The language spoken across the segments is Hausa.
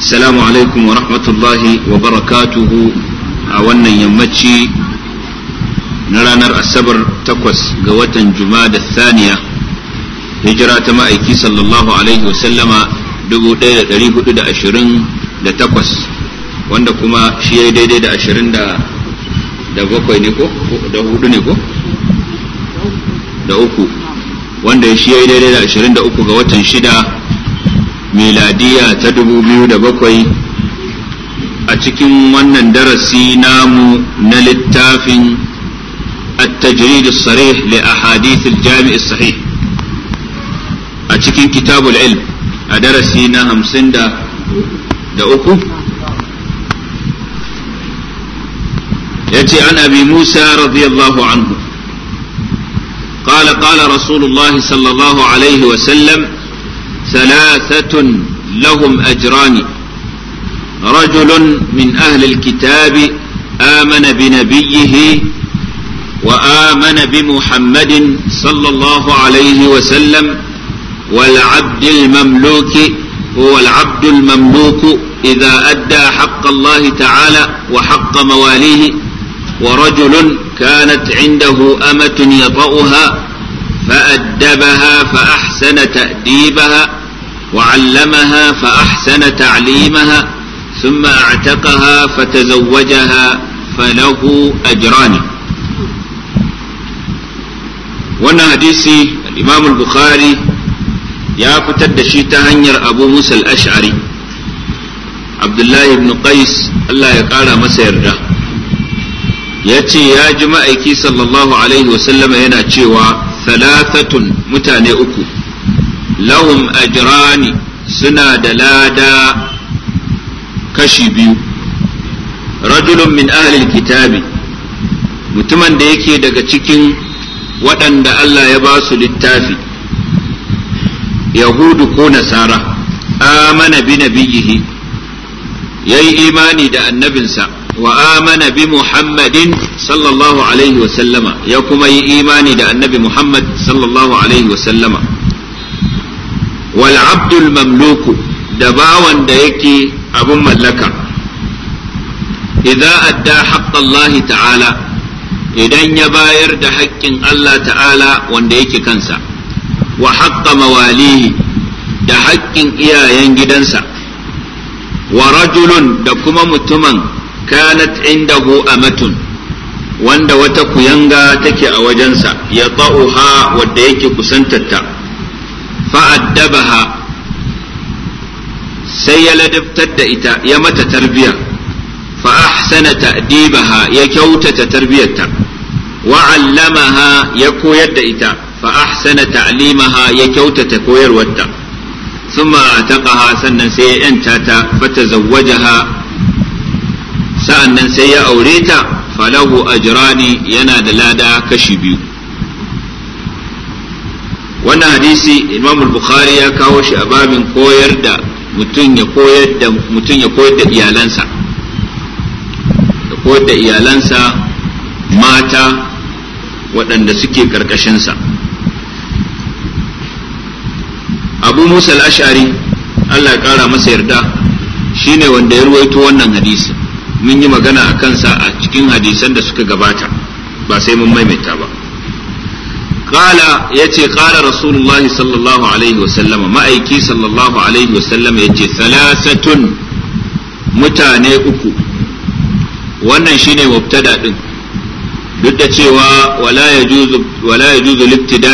Salamu alaikum wa rahmatullahi wa barakatuhu a wannan yammaci na ranar Asabar takwas ga watan Juma da Thaniya, hijira ta ma'aiki sallallahu Alaihi wasallama 1428 wanda kuma shi ya daidai da 20 da bakwai ne ko? da hudu ne ko? da uku wanda shi ya daidai da 23 ga watan shida miladiya ta dubu biyu da bakwai a cikin wannan darasi namu na littafin التجريد الصريح لأحاديث الجامع الصحيح أتكين كتاب العلم أدرسي نهم سندا دأكو يأتي عن أبي موسى رضي الله عنه قال قال رسول الله صلى الله عليه وسلم ثلاثة لهم أجران رجل من أهل الكتاب آمن بنبيه وآمن بمحمد صلى الله عليه وسلم والعبد المملوك هو العبد المملوك إذا أدى حق الله تعالى وحق مواليه ورجل كانت عنده أمة يطأها فأدبها فأحسن تأديبها وعلمها فأحسن تعليمها ثم اعتقها فتزوجها فله أجران wannan hadisi imam bukhari ya fitar da shi ta hanyar abu musa al-ash'ari abdullahi ibn qais Allah ya ƙara masa yarda ya ce ya ji ma'aiki sallallahu alaihi wasallama yana cewa salatatun mutane uku lahum ajrani suna da lada kashi biyu rajulun min ahlil kitabi mutumin da yake daga cikin waɗanda Allah ya ba su littafi yahudu ko nasara amana bi nabiyihi ya yi imani da annabinsa wa amana bi muhammadin sallallahu alaihi wasallama ya kuma yi imani da annabi muhammad sallallahu alaihi wasallama wal abdul mamluku da bawan da yake abin mallaka idza adda haqqallahi ta'ala idan ya bayar da haƙƙin Allah ta'ala wanda yake kansa wa haqqa mawalihi da haƙƙin iyayen gidansa wa rajulun da kuma mutumin kanat indahu amatun wanda wata kuyanga take a wajensa ya ha wadda yake kusantarta fa'addabaha sai ya ladabtar da ita ya mata tarbiya fa ahsana ta'dibaha ya kyautata tarbiyarta wa 'allamaha ya koyar da ita fa ahsana ta'limaha ya kyautata koyarwarta thumma ataqaha sannan sai ya yanta ta fata zawwajaha sa'annan sai ya aure ta falahu ajrani yana da lada kashi biyu wannan hadisi imam bukhari ya kawo shi a babin koyar da mutum ya koyar da mutum ya koyar da iyalansa da koyar da iyalansa mata waɗanda suke ƙarƙashinsa. abu musa al-ash'ari allah ya ƙara masa yarda shine wanda ya ruwaito wannan hadisi mun yi magana a kansa a cikin hadisan da suka gabata ba sai mun maimaita ba qala yace qala rasulullah sallallahu alaihi wasallam ma'aiki sallallahu alaihi wasallam yace salasatun mutane uku wannan shine mubtada din duk da cewa wala yajuzu wala yajuzu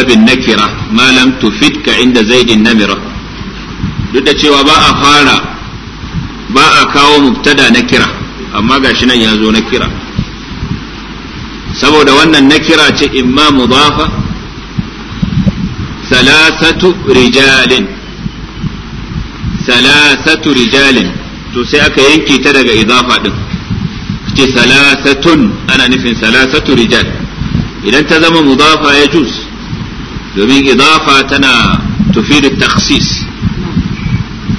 bin nakira ma tufidka inda zaidin namira duk da cewa ba a fara ba a kawo mubtada nakira amma gashi nan ya zo nakira saboda wannan nakira ce imma mudafa salasatu rijalin salasatu rijalin to sai aka yanke ta daga izafa din ce salasatun ana nufin salasatu rijal idan ta zama mudafa ya juz domin idafa tana tufidu taksis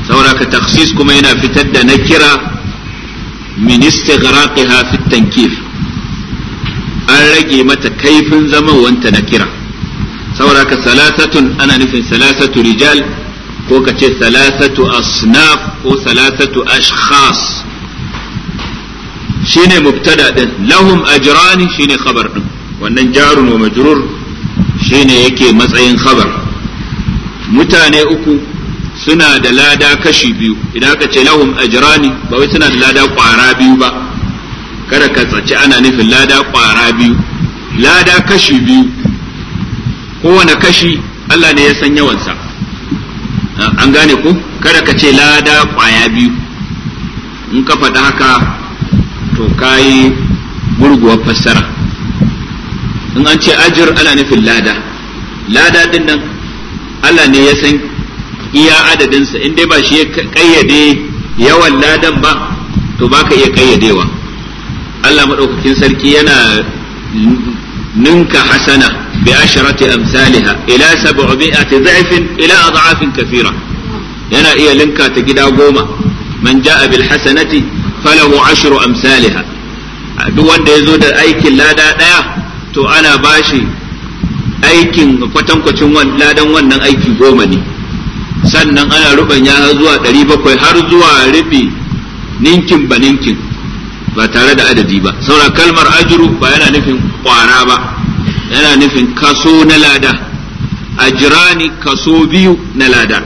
sauraka taksis kuma yana fitar da na kira min istighraqi fi tankif an rage mata kaifin wanta na kira saboda haka salasatun ana nufin salasatu rijal ko ka ce salasatu asnaf ko salasatu ashkhas shine mubtada din lahum ajrani shine khabar din wannan jarun wa majrur shine yake matsayin khabar mutane uku suna da lada kashi biyu idan aka ce lahum ajrani ba wai suna da lada kwara biyu ba kada ka tsaci ana nufin lada kwara biyu lada kashi biyu kowane kashi Allah ne ya san yawansa an gane ku kada ka ce lada kwaya biyu in ka faɗa haka to kayi gurguwar fassara in an ce ajir ana nufin lada lada din nan Allah ne ya san iya adadinsa in dai ba shi ya kayyade yawan ladan ba to ba ka iya kayyadewa Allah maɗaukakin sarki yana ninka hasana بعشرة أمثالها إلى سبعمائة ضعف إلى أضعاف كثيرة yana iya linkata gida goma man a bil hasanati falahu ashru amsalha duk wanda ya zo da aikin lada daya to ana bashi aikin kwatankwacin ladan wannan aiki goma ne sannan ana ruban ya zuwa ɗari bakwai har zuwa rufe ninkin ba ninkin ba tare da adadi ba saura kalmar ajuru ba yana nufin kwara ba yana nufin kaso na lada a ni kaso biyu na lada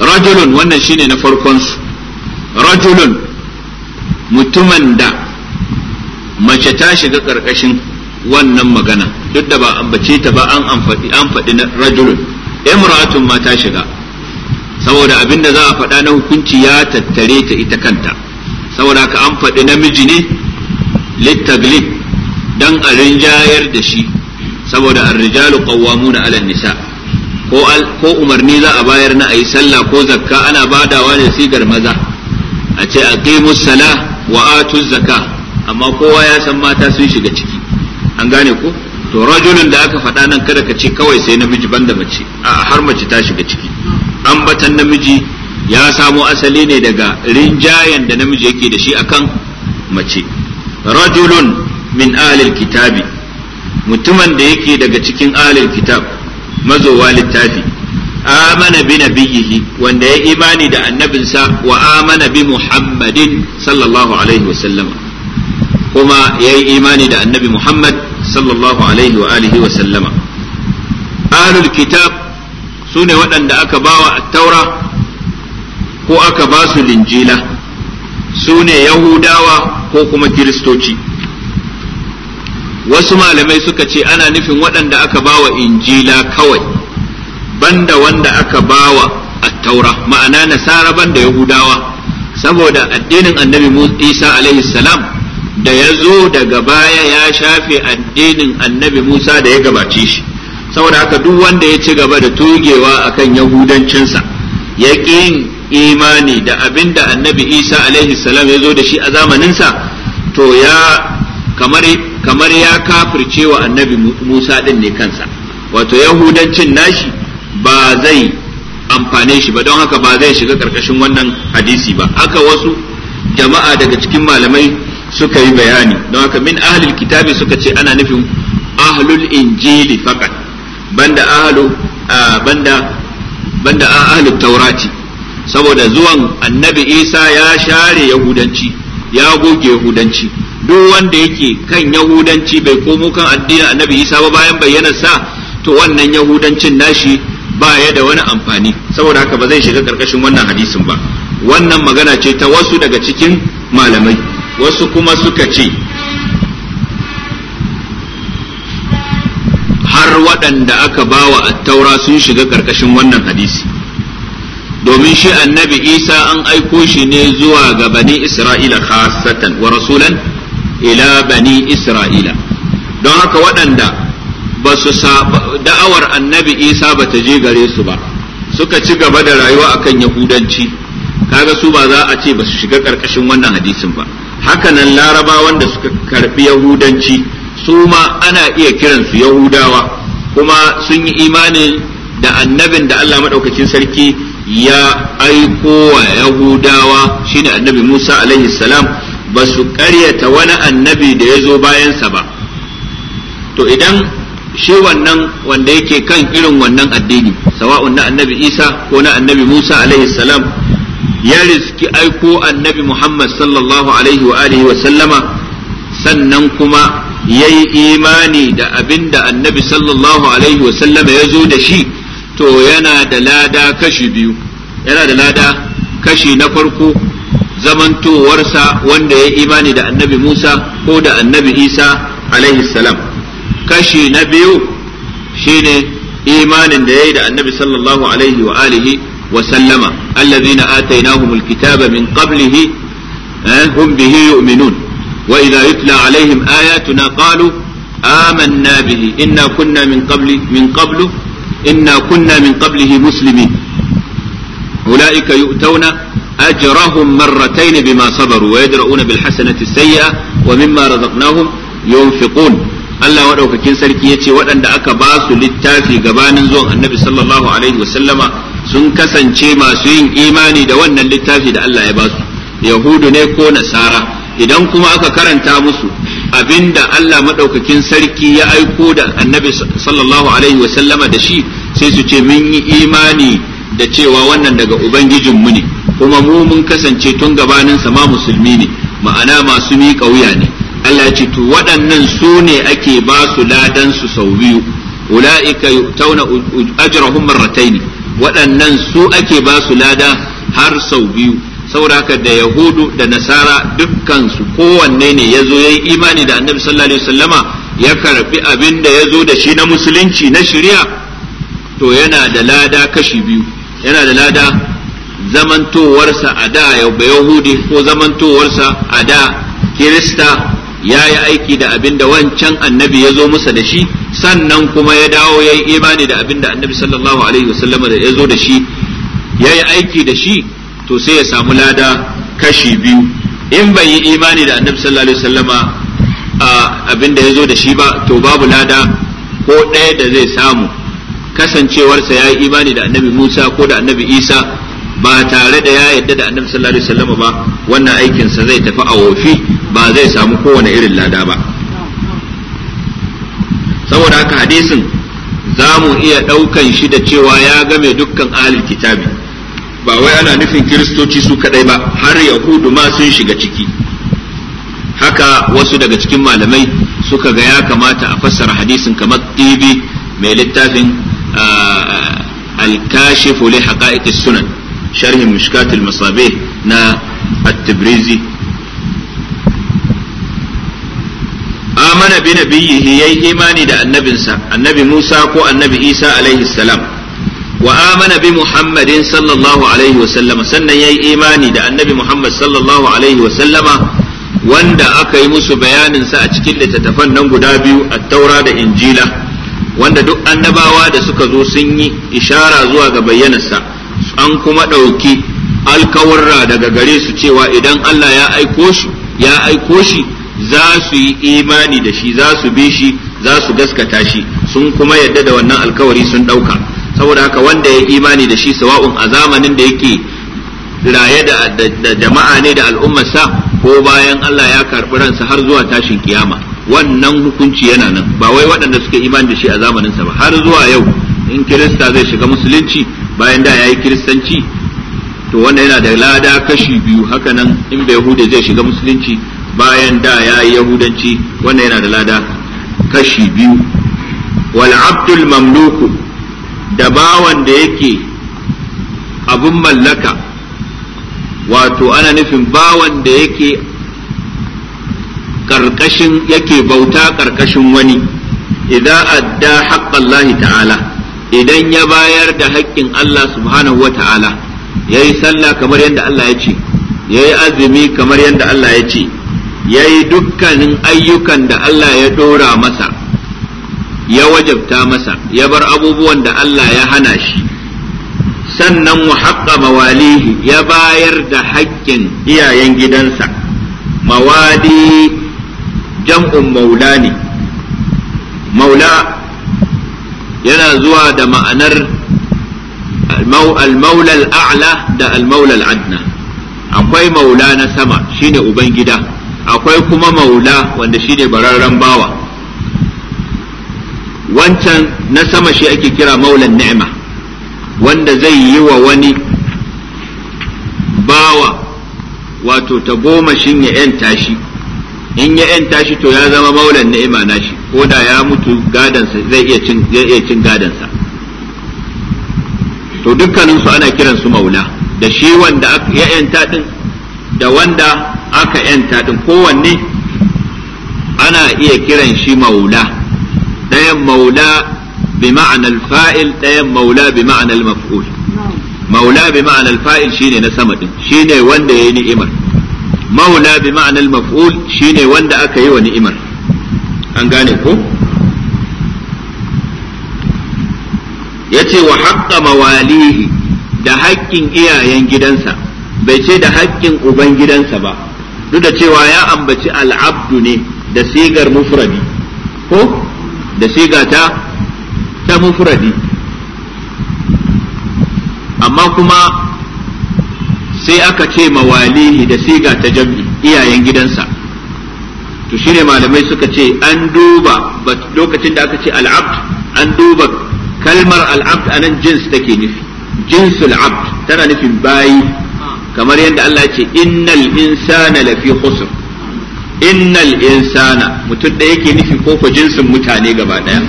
rajulun wannan shine na farkonsu rajulun mutumin da mace ta shiga ƙarƙashin wannan magana duk da ba ambace ta ba an amfadi an faɗi na rajulun imra'atun ma ta shiga saboda abin da za a faɗa na hukunci ya tattare ta ita kanta saboda ka an faɗi namiji ne littaglib dan a rinjayar da shi saboda ar-rijalu qawwamuna 'ala nisa ko umarni za a bayar na yi sallah ko zakka ana badawa ne sigar maza a ce aqimus salah wa atuz zakah amma kowa ya san mata sun shiga ciki an gane ko to rajulun da aka faɗa nan kada ka ce kawai sai namiji banda mace a har mace ta shiga ciki ambatan namiji ya samo asali ne daga rinjayen da namiji yake da shi akan mace rajulun min alil kitabi mutumin da yake daga cikin alil kitab mazowa littafi amana bi nabiyhi wanda ya imani da annabinsa wa amana bi muhammadin sallallahu alaihi wa sallama kuma ya yi imani da annabi muhammad sallallahu alaihi wa alihi wa sallama ahlul kitab su ne waɗanda aka bawa taura ko aka ba su linjila su ne yahudawa ko kuma kiristoci wasu malamai suka ce ana nufin waɗanda aka bawa injila kawai banda wanda aka bawa attaura ma'ana nasara banda yahudawa saboda addinin annabi isa alaihi salam da ya zo daga baya ya shafe addinin annabi musa da ya gabace shi saboda haka duk wanda ya ci gaba da tugewa akan yahudancinsa ya yin imani da abin da annabi isa alaihi salam ya zo da shi a zamaninsa to ya kamar kamar ya kafirce wa annabi Musa ɗin ne kansa wato yahudancin nashi ba zai amfane shi ba don haka ba zai shiga karkashin wannan hadisi ba haka wasu jama'a daga cikin malamai suka yi bayani don haka min ahlul kitabi suka ce ana nufin ahlul injili faqat banda ahlu banda banda ahlul taurati saboda zuwan annabi isa ya share yahudanci ya goge yahudanci duk wanda yake kan yahudanci bai komo kan addini annabi isa ba bayan bayyana sa to wannan yahudancin nashi ba ya da wani amfani saboda haka ba zai shiga karkashin wannan hadisin ba wannan magana ce ta wasu daga cikin malamai wasu kuma suka ce har waɗanda aka bawa attaura sun shiga karkashin wannan hadisi domin shi annabi isa an aiko shi ne zuwa ga bani isra'ila khasatan wa rasulan ila bani isra'ila don haka waɗanda ba su da'awar annabi isa ba ta je gare su ba suka ci gaba da rayuwa akan yahudanci kaga su ba za a ce ba su shiga ƙarƙashin wannan hadisin ba hakanan laraba wanda suka karbi yahudanci su ma ana iya kiransu yahudawa kuma sun yi imanin da annabin da Allah maɗaukacin sarki ya aiko wa yahudawa shine annabi Musa alaihi salam ba su ƙaryata wani annabi da ya zo bayansa ba to idan shi wannan wanda yake kan irin wannan addini sawa'un na annabi isa ko na annabi musa alaihi salam ya riski aiko annabi muhammad sallallahu alaihi wa alihi wa sallama sannan kuma ya yi imani da abin da annabi sallallahu alaihi wa sallama ya zo da shi to yana da lada kashi biyu yana da lada kashi na farko zamantowarsa wanda ya imani da annabi Musa ko da annabi Isa alaihi salam kashi na biyu shine imanin da yayi da annabi sallallahu alaihi wa alihi wa sallama allazina atainahumul kitaba min qablihi eh, hum bihi yu'minun wa yutla alaihim ayatuna qalu آمنا به إنا كنا من قبل من أجرهم مرتين بما صبروا ويدرؤون بالحسنة السيئة ومما رزقناهم ينفقون Allah maɗaukakin sarki ya ce waɗanda aka ba su littafi gabanin zuwan annabi sallallahu alaihi wasallama sun kasance masu yin imani da wannan littafi da Allah ya basu. yahudu ne ko nasara idan kuma aka karanta musu abinda Allah maɗaukakin sarki ya aiko da annabi sallallahu alaihi wasallama da shi sai su ce mun yi imani da cewa wannan daga ubangijinmu ne kuma mu mun kasance tun gabanin sama musulmi ne ma'ana masu miƙa wuya ne Allah ce to waɗannan su ne ake ba su ladan su sau biyu ula'ika ajrahum marratayn waɗannan su ake ba su lada har sau biyu sauraka da yahudu da nasara dukkan su kowanne ne ya zo ya yi imani da annabi sallallahu alaihi wasallama ya karbi abin da ya zo da shi na musulunci na shari'a to yana da lada kashi biyu yana da lada zamantowarsa a da yahudi ko zamantowarsa a da kirista ya yi aiki da abin da wancan annabi ya zo musa da shi sannan kuma ya dawo ya yi imani da abin da annabi sallallahu alaihi wasallama da ya zo da shi ya yi aiki da shi to sai ya samu lada kashi biyu in bai yi imani da annabi sallallahu alaihi wasallama abin da ya zo da shi ba to babu lada ko ɗaya da zai samu kasancewarsa ya yi imani da annabi musa ko da annabi isa ba tare da ya yadda da annabi sallallahu alaihi wasallam ba wannan aikin sa zai tafi a wofi ba zai samu kowane irin lada ba saboda haka hadisin zamu iya ɗaukan shi da cewa ya game dukkan ahli kitabi ba wai ana nufin kiristoci su kadai ba har yahudu ma sun shiga ciki haka wasu daga cikin malamai suka ga ya kamata a fassara hadisin kamar tibi mai littafin ah, alkashifu li haqa'iqis sunan sharhi mushkat al na at-tibrizi amana bi nabiyhi yayi imani da annabinsa annabi Musa ko annabi Isa alaihi salam wa amana bi Muhammadin sallallahu alaihi wasallama sannan yayi imani da annabi Muhammad sallallahu alaihi wasallama wanda aka yi musu bayanin sa a cikin littattafan nan guda biyu a taura da injila wanda duk annabawa da suka zo sun yi ishara zuwa ga bayyanarsa an kuma ɗauki alkawarra daga gare su cewa idan Allah ya aiko shi ya aiko shi za su yi imani da shi za su bi shi za su gaskata shi sun kuma yadda da wannan alkawari sun ɗauka saboda haka wanda ya imani da shi sawa'un a zamanin da yake raye da jama'a ne da sa, ko bayan Allah ya karɓi ransa har zuwa tashin kiyama wannan hukunci yana nan ba wai waɗanda suka imani da shi a sa ba har zuwa yau in kirista zai shiga musulunci bayan da ya yi kiristanci to wanda yana da lada kashi biyu hakanan in bai yahuda zai shiga musulunci bayan da ya yi yahudanci wanda yana da lada kashi biyu wal abdul mamluku da bawan da yake abun mallaka wato ana nufin bawan da yake karkashin yake bauta karkashin wani idan adda haqqallahi ta'ala idan ya bayar da haƙƙin Allah subhanahu wa ta'ala ya yi sallah kamar yadda Allah ya ce ya yi azumi kamar yadda Allah ya ce ya yi dukkanin ayyukan da Allah ya ɗora masa ya wajabta masa ya bar abubuwan da Allah ya hana shi sannan haƙa mawalihi ya bayar da haƙƙin iyayen gidansa mawadi jam'un maula ne maula yana zuwa da ma'anar al-maula al-a'la da al-maula al-adna akwai maula na sama shine ubangida akwai kuma maula wanda shine bararren bawa wancan na sama shi ake kira maulan ni'ima wanda zai yi wa wani bawa wato ta goma shin ya 'yanta shi in ya 'yanta shi to ya zama maulan ni'ima nashi ko da ya mutu gadansa zai iya cin zai iya cin gadansa to dukkanin su ana kiran su maula da shi wanda aka ya yanta din da wanda aka yanta din kowanne ana iya kiran shi maula ɗayan maula bi ma'anar fa'il ɗayan maula bi ma'anar maf'ul maula bi ma'anar fa'il shine na sama din shine wanda ya yi ni'imar maula bi ma'anar maf'ul shine wanda aka yi wa ni'imar an gane ko yace wa haqqa mawalihi da haƙƙin iyayen gidansa bai ce da haƙƙin uban gidansa ba duk da cewa ya ambaci al'abdu ne da sigar mufradi ko da siga ta ta mufradi amma kuma sai aka ce mawalihi da siga ta jam'i iyayen gidansa to shine malamai suka ce an duba lokacin da aka ce al'abd an duba kalmar al'abd anan jins take nufi jinsul abd tana nufin bayi kamar yadda Allah ya ce innal insana lafi khusr innal insana mutum da yake nufi ko ko jinsin mutane gaba daya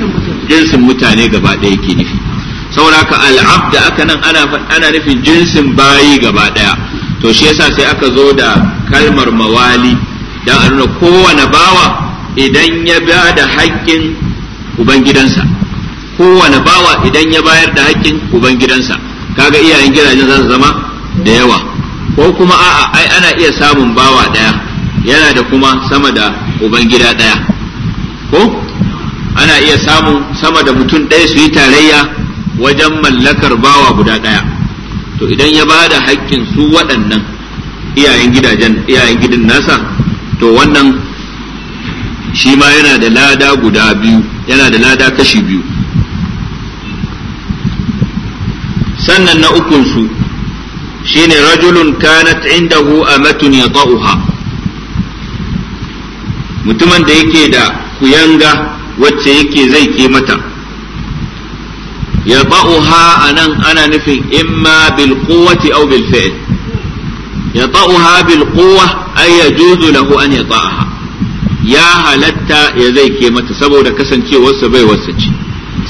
jinsin mutane gaba daya yake nufi saboda ka al'abd aka nan ana ana nufin jinsin bayi gaba daya to shi yasa sai aka zo da kalmar mawali Da a nuna kowane bawa idan ya ba da haƙƙin ubangidansa kowane bawa idan ya bayar da haƙƙin ubangidansa kaga iyayen gidajen za su zama da yawa ko kuma a'a ai ana iya samun bawa ɗaya yana da kuma sama da ubangida ɗaya ko ana iya samun sama da mutum ɗaya su yi tarayya wajen mallakar bawa guda ɗaya to idan ya ba da haƙƙin su waɗannan iyayen gidajen iyayen gidan nasa to wannan shi ma yana da lada guda biyu yana da lada kashi biyu sannan na ukunsu shi ne rajulun kanat indahu amatun ya mutumin da yake da kuyanga wacce yake zai ke mata ya ha a nan ana nufin imma bil quwwati aw bil yata'uha bil quwwa ay yajuzu lahu an yata'aha ya halatta ya zai ke mata saboda kasancewarsa bai wasa ce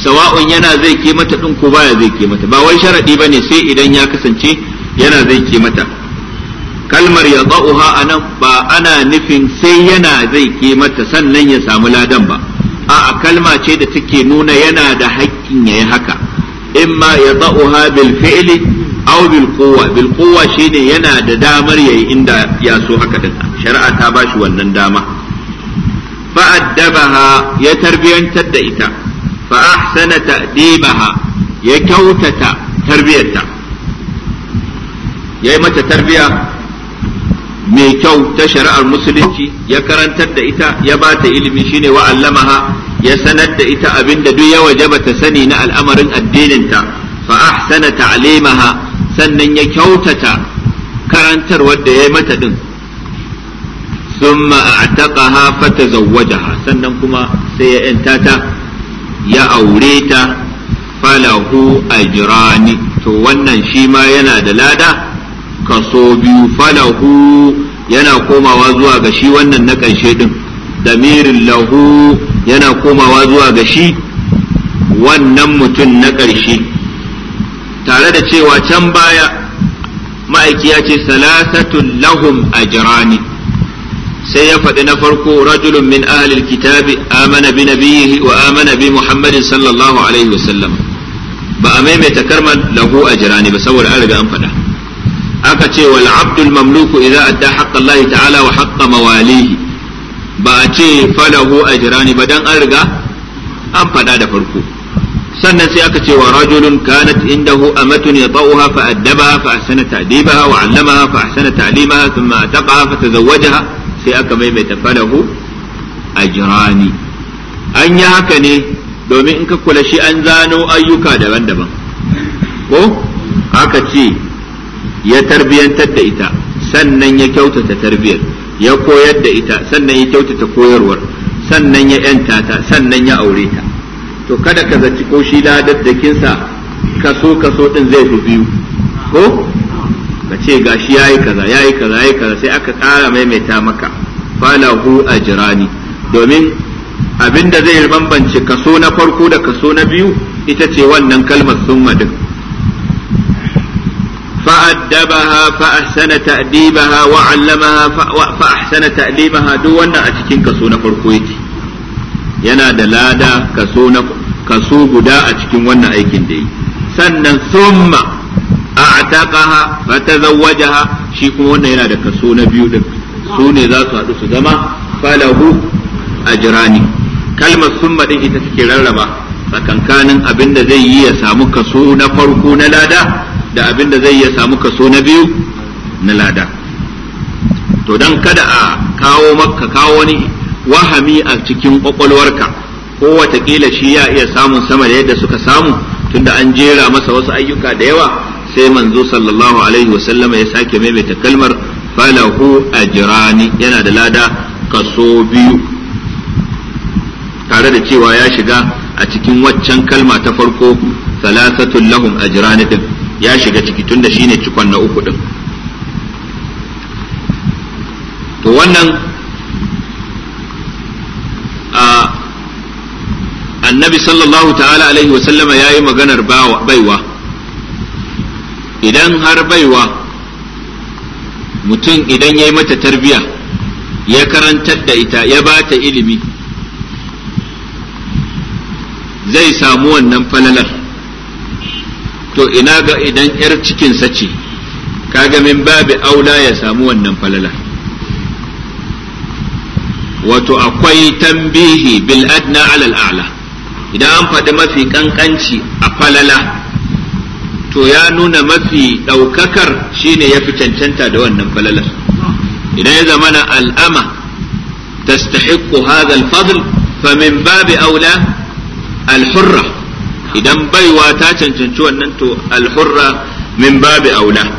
sawa'un yana zai ke mata din ko baya zai ke mata ba wai sharadi bane sai idan ya kasance yana zai ke mata kalmar ya a nan ba ana nufin sai yana zai ke mata sannan ya samu ladan ba a'a kalma ce da take nuna yana da haƙƙin ya yi haka imma ya ha bil fi'li au bil quwwa bil quwwa shine yana da damar yayi inda ya so haka din shari'a ta bashi wannan dama fa addabaha ya tarbiyantar da ita fa ahsana ta'dibaha ya kyautata tarbiyarta yayi mata tarbiya mai kyau ta shari'ar musulunci ya karantar da ita ya ba ta ilimi shine wa allamaha ya sanar da ita abinda duk ya wajaba ta sani na al'amarin addininta fa ahsana ta'limaha sannan ya kyautata karantar wadda ya yi mata din summa hafata fatazawwajaha sannan kuma sai ya yanta ta ya aure ta falahu jirani to wannan shi ma yana da lada kaso biyu falahu yana komawa zuwa ga shi wannan na ƙarshe din damirin lahu yana komawa zuwa ga shi wannan mutum na ƙarshe tare da cewa can baya ma'aiki ya ce lahu lahum jirani sai ya faɗi na farko rajulun min ahlil kitabi amana bi nabiyhi wa amana bi muhammadin sallallahu alaihi wasallam ba a maimaita karman lahu jirani ba saboda an riga an faɗa aka ce wal abdul mamluku idza adda haqqa Allah ta'ala wa haqqa mawalihi ba a ce falahu jirani ba dan an riga an faɗa da farko sannan sai aka ce wa rajulun kanat indahu amatun yata'uha fa addabaha fa ahsana ta'dibaha wa 'allamaha fa ahsana ta'limaha thumma ataqaha fa tazawwajaha sai aka maimaita falahu ajrani an yi haka ne domin in ka kula shi an zano ayyuka daban-daban ko aka ce ya tarbiyantar da ita sannan ya kyautata tarbiyar ya koyar da ita sannan ya kyautata koyarwar sannan ya yanta ta sannan ya aure ta to kada ka zaci ko shi ladaddakinsa kaso kaso din zai fi biyu ko ka ce gashi yayi kaza yayi kaza yayi kaza sai aka ƙara maimaita maka falahu ajrani domin abinda zai bambance kaso na farko da kaso na biyu ita ce wannan kalmar summa din fa'addabaha fa ahsana ta'dibaha wa 'allamaha fa ahsana ta'limaha duk wannan a cikin kaso na farko yake yana da lada kaso na kaso guda a cikin wannan aikin da yi sannan summa a'taqaha fatazawwajaha shi kuma wannan yana da kaso na biyu din su ne za su haɗu su zama falahu ajrani kalmar summa din ita take rarraba tsakankanin abin da zai yi ya samu kaso na farko na lada da abin zai yi ya samu kaso na biyu na lada to dan kada a kawo maka kawo wani wahami a cikin kwakwalwarka ko watakila shi ya iya samun sama da yadda suka samu tunda an jera masa wasu ayyuka da yawa sai manzo sallallahu alaihi wasallama ya sake maimaita kalmar falahu ajrani yana da lada kaso biyu tare da cewa ya shiga a cikin waccan kalma ta farko salasatul lahum ajrani din ya shiga ciki tunda shine cikon na uku din to wannan annabi sallallahu ta'ala alaihi wasallama ya yi maganar baiwa idan har baiwa mutum idan ya yi mata tarbiya ya karantar da ita ya ba ta ilimi zai samu wannan falalar to ina ga idan 'yar cikinsa ce kaga min babu aula ya samu wannan falalar wato akwai tambihi bil adna alal a'la idan an faɗi mafi kankanci a falala to ya nuna mafi ɗaukakar shine ya fi cancanta da wannan falalar idan ya zamana al'ama tastahiqqu hadha al fa famin babi aula al'hurra idan baiwa ta cancanci wannan to al'hurra min babi aula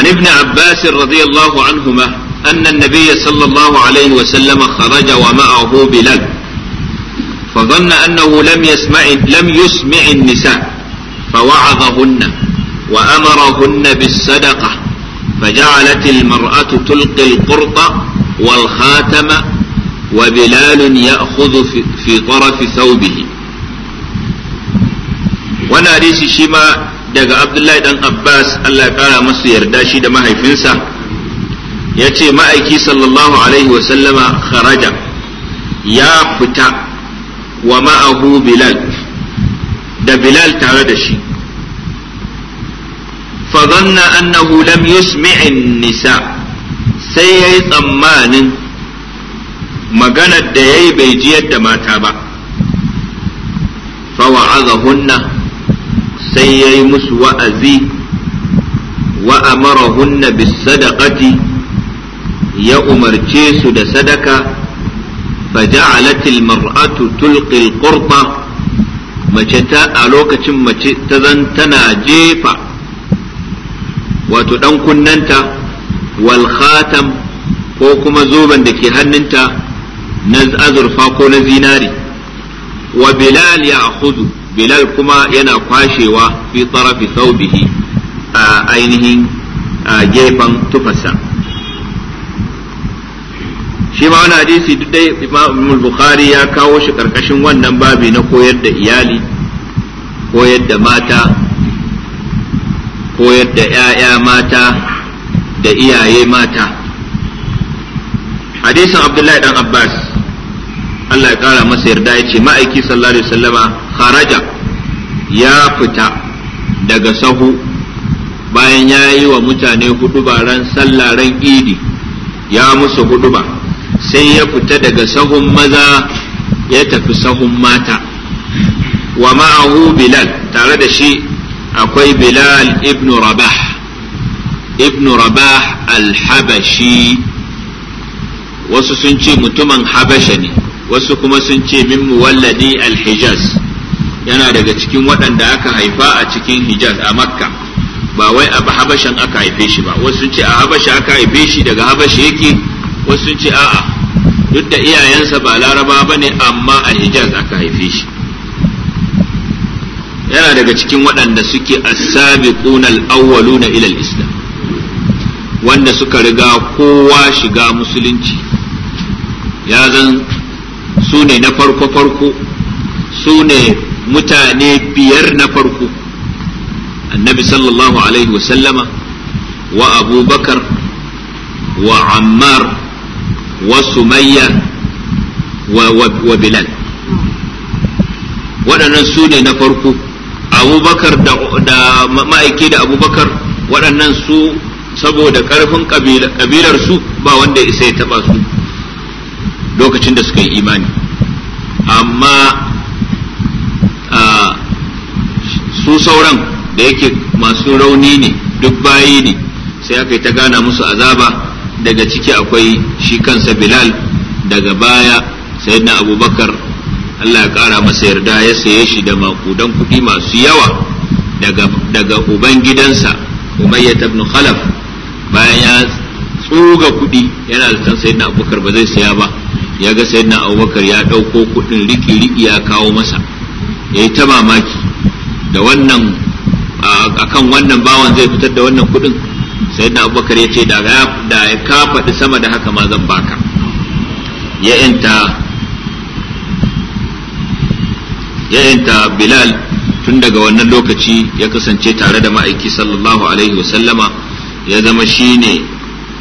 عن ابن عباس رضي الله عنهما أن النبي صلى الله عليه وسلم خرج ومعه بلال فظن أنه لم يسمع لم يسمع النساء فوعظهن وأمرهن بالصدقة فجعلت المرأة تلقي القرط والخاتم وبلال يأخذ في طرف ثوبه وانا ريسي شيما daga abdullahi dan abbas allah ya kara masu yarda shi da mahaifinsa ya ce ma'aiki sallallahu alaihi wasallama kharaja ya fita wa ma'ahu bilal da bilal tare da shi fazanna annahu lam yusmi'in nisa sai ya yi tsammanin maganar da ya yi bai ji yadda mata ba fawa'azahunna sai yayi musu wa'azi wa amarahunna bis ya umarce su da sadaka فجعلت mar'atu تلقي القرطة mace ta a lokacin mace ta zan tana jefa wato ɗan kunnanta wal khatam ko kuma zoben da ke hannunta na azurfa ko na zinari wa bilal ya huzu bilal kuma yana kwashewa fi tsarafi bihi a ainihin gefen tufasa. shi ma wani hadisi dai imam bukhari ya kawo shi karkashin wannan babi na koyar da iyali koyar da mata koyar da 'ya'ya mata da iyaye mata hadisin abdullahi dan abbas allah ya kara masa yarda ya ce ma'aiki sallallahu alaihi wasallama kharaja ya fita daga sahu bayan ya yi wa mutane huduba ran sallah ran idi ya musu ba sai ya fita daga sahun maza ya tafi sahun mata wa ma'ahu bilal tare da shi akwai bilal ibn rabah ibn rabah al-habashi wasu sun ce mutumin habasha ne wasu kuma sun ce min muwalladi al-hijaz yana daga cikin waɗanda aka haifa a cikin hijaz a makka ba wai a habashan aka haife shi ba wasu ce a habasha aka haife shi daga habasha yake wasu ce a'a duk da iyayensa ba laraba ba ne amma a hijaz aka haife shi yana daga cikin waɗanda suke as-sabiquna al-awwaluna ila al-islam wanda suka riga kowa shiga musulunci ya zan su na farko farko su mutane biyar na farko annabi sallallahu alaihi wasallama wa abubakar wa ammar wa sumayya wa bilal waɗannan su ne na farko abubakar da ma'aiki da abubakar waɗannan su saboda ƙarfin ƙabilar su ba wanda isa ya taɓa su lokacin da suka yi imani amma su sauran da yake masu rauni ne duk bayi ne sai aka yi ta gana musu azaba daga ciki akwai shi kansa bilal daga baya sayyidina abubakar allah ya kara masa yarda ya saye shi da makudan kuɗi masu yawa daga uban gidansa umayyad ibn khalaf bayan ya tsuga kuɗi yana zaton sayyidina abubakar ba zai saya ba ya ga sayyidina abubakar ya ɗauko kuɗin riki-riki ya kawo masa ya yi ta mamaki da wannan a kan wannan bawan zai fitar da wannan kudin sai da abubakar ya ce da ka faɗi sama da haka ma zan baka ya yanta bilal tun daga wannan lokaci ya kasance tare da ma'aiki sallallahu alaihi wasallama ya zama shi ne,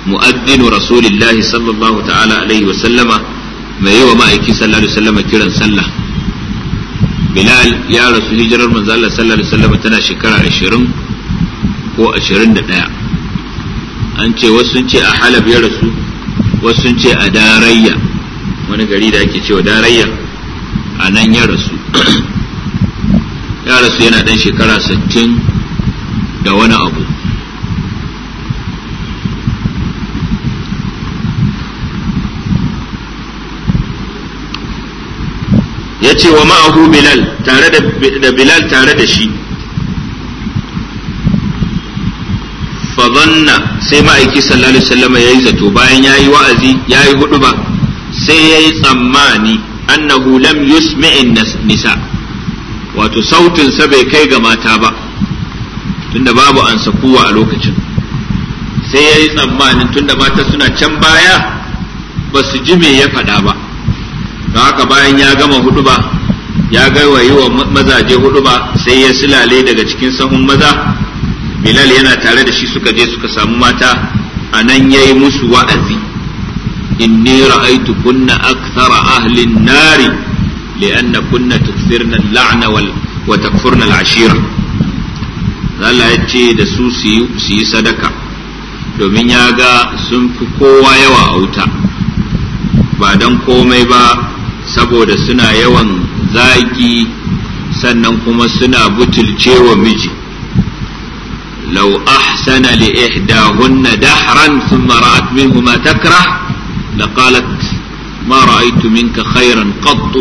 mu'addinu rasulillahi sallallahu ta'ala alaihi wasallama mai yi wa ma'aiki sallallahu alaihi wasallama kiran sallah bilal ya rasu hijirar manzo Allah sallallahu alaihi wasallam tana shekara 20 ko 21 an ce wasu sun ce a halab ya rasu wasu sun ce a darayya wani gari da ake cewa darayya a nan ya rasu ya rasu yana dan shekara 60 da wani abu ya ce wa ma'ahu bilal tare da bilal tare da shi fazanna sai ma'aiki sallallahu alaihi wasallam ya yi zato bayan ya yi wa'azi ya yi hudu ba sai ya yi tsammani annahu lam yusmi'in nisa wato sautinsa bai kai ga mata ba tunda babu an sakuwa a lokacin sai ya yi tsammanin tunda mata suna can baya ba su ji me ya faɗa ba don haka bayan ya gama hudu ba ya gaiwa yi wa mazaje hudu ba sai ya silale daga cikin sahun maza bilal yana tare da shi suka je suka samu mata a nan ya yi musu wa'azi inni ra'aitu kunna akthara ahlin nari li'anna kunna tukthirna la'na wal wa takfurna ya ce da su su yi sadaka domin ya ga sun fi kowa yawa a wuta ba don komai ba saboda suna yawan zagi sannan kuma suna butulcewa miji لو أحسن لإحداهن دهرا ثم رأت منهما تكره لقالت ما رأيت منك خيرا قط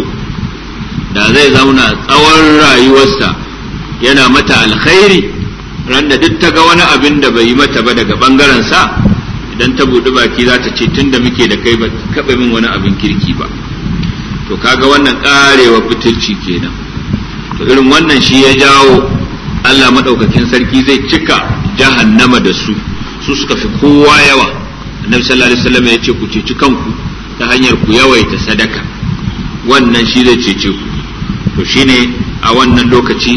da zai zauna tsawon rayuwarsa yana mata alkhairi randa duk ta ga wani abin da bai yi mata ba daga bangaren sa idan ta buɗi baki za ta ce tun da muke da kai ba taɓa min wani abin kirki ba to kaga wannan karewa butulci kenan to irin wannan shi ya jawo Allah madaukakin sarki zai cika jahannama da su su suka fi kowa yawa annabi sallallahu alaihi wasallam ya ce ku ceci kanku ta hanyar ku yawaita sadaka wannan shi zai cece ku to shine a wannan lokaci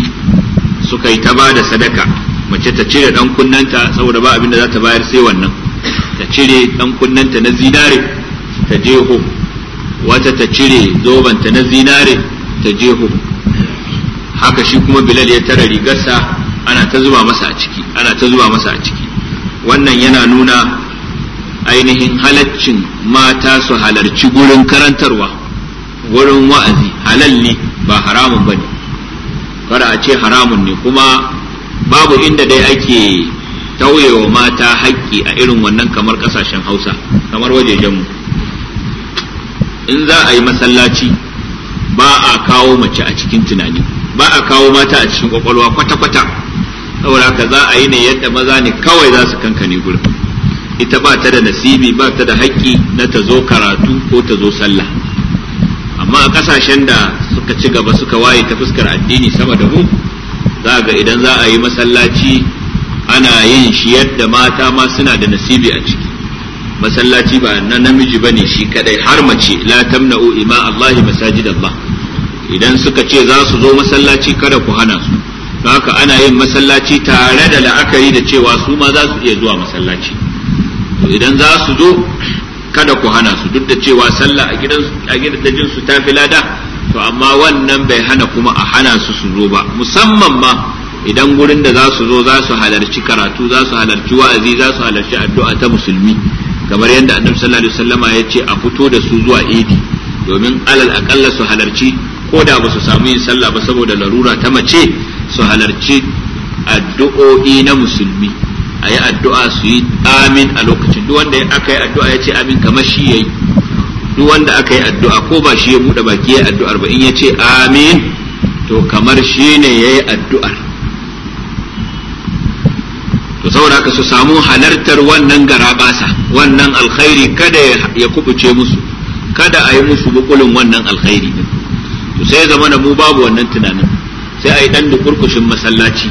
suka yi ta bada sadaka mace ta cire dan kunnanta saboda ba abin da za ta bayar sai wannan ta cire dan kunnanta na zinare ta je wata ta cire zobanta na zinare ta jeho haka shi kuma bilal ya tara rigarsa ana ta zuba masa a ciki ana ta zuba masa a ciki wannan yana nuna ainihin halaccin mata su halarci gurin karantarwa gurin wa'azi halal ba haramun ba kada a ce haramun ne kuma babu inda dai ake tauyewa mata haƙƙi a irin wannan kamar ƙasashen hausa kamar wajejenmu in za a yi masallaci ba a kawo mace a cikin tunani ba a kawo mata a cikin kwakwalwa kwata-kwata saboda haka za a yi ne yadda maza ne kawai za su kankane gurin ita ba ta da nasibi ba ta da haƙƙi na ta zo karatu ko ta zo sallah amma a ƙasashen da suka ci gaba suka waye ta fuskar addini sama da mu za ga idan za a yi masallaci ana yin shi yadda mata ma suna da nasibi a ciki masallaci ba na namiji bane shi kadai har mace la tamna'u ima Allah masajid Allah idan suka ce za su zo masallaci kada ku hana su haka ana yin masallaci tare da la'akari da cewa su ma za su iya zuwa masallaci to idan za su zo kada ku hana su duk da cewa sallah a gidan a gidan su ta fi lada to amma wannan bai hana kuma a hana su su zo ba musamman ma idan gurin da za su zo za su halarci karatu za su halarci wa'azi za su halarci addu'a ta musulmi kamar yadda annabi sallallahu alaihi wasallama ya ce a fito da su zuwa idi domin alal akalla su halarci ko da ba su samu yin sallah ba saboda larura ta mace su halarci addu'o'i na musulmi a yi addu'a su yi amin a lokacin duk wanda aka yi addu'a ya ce amin kamar shi ya yi duk wanda aka yi addu'a ko ba shi ya buɗe baki ya addu'ar ba in ya ce amin to kamar shi ne ya yi addu'ar to saboda haka su samu halartar wannan garabasa wannan alkhairi kada ya kubuce musu kada a yi musu bukulin wannan alkhairi din to sai zama na mu babu wannan tunanin sai a yi dan dukurkushin masallaci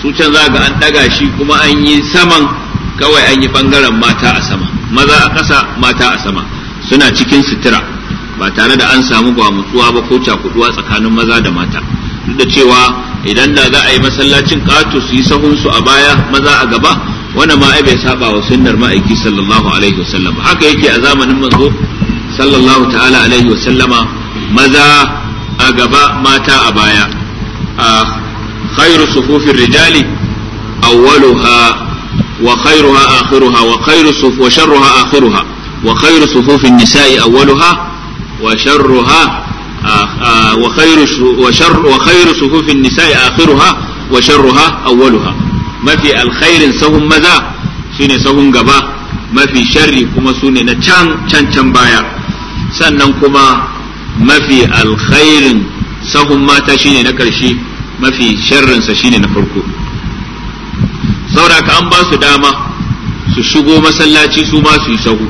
su can za ga an daga shi kuma an yi saman kawai an yi bangaren mata a sama maza a ƙasa mata a sama suna cikin sutura ba tare da an samu gwamutsuwa ba ko cakuduwa tsakanin maza da mata duk da cewa idan da za a yi masallacin ƙato su yi sahunsu a baya maza a gaba wani ma ai bai saba wa sunnar ma'aiki sallallahu alaihi wasallam haka yake a zamanin manzo sallallahu ta'ala alaihi wasallama maza a gaba mata a baya a khairu sufufin rijali awwaluha wa khairuha akhiruha wa khairu suf wa sharruha akhiruha wa khairu sufufin nisa'i awwaluha wa sharruha wa khairu suhufin nisa'i akhiruha wa sharruha awwaluha mafi alkhairin sahun maza shine sahun gaba mafi sharri kuma sune na can can can baya sannan kuma mafi alkhairin sahun mata shine na karshe mafi sharrinsa shine na farko sauraka an ba dama su shigo masallaci su ma su yi sahu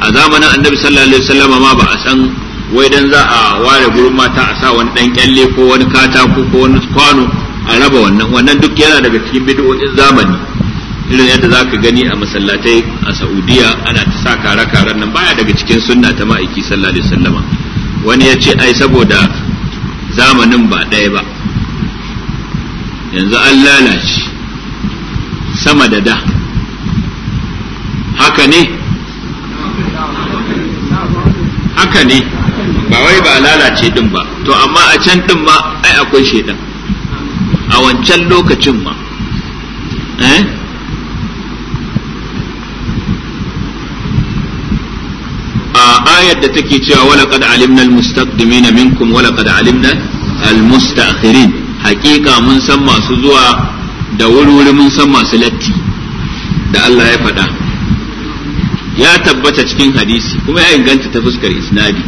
a zamanin annabi sallallahu alaihi ma ba a san wai dan za a ware gurin mata a sa wani dan kyalle ko wani katako ko wani kwano a raba wannan wannan duk yana daga cikin bid'o'in zamani irin yadda za ka gani a masallatai a saudiya ana ta sa kare-karen nan baya daga cikin sunna ta ma'aiki sallallahu alaihi wasallama wani ya ce ai saboda zamanin ba ɗaya ba yanzu an lalace sama da da haka ne haka ne ba wai ba lalace din ba to amma a can din ma ai akwai shaidan a wancan lokacin ma eh a ayar da take cewa wala qad alimna almustaqdimina minkum wala qad alimna almustaakhirin haqiqa mun san masu zuwa da wuri mun san masu latti da Allah ya faɗa ya tabbata cikin hadisi kuma ya inganta ta fuskar isnadi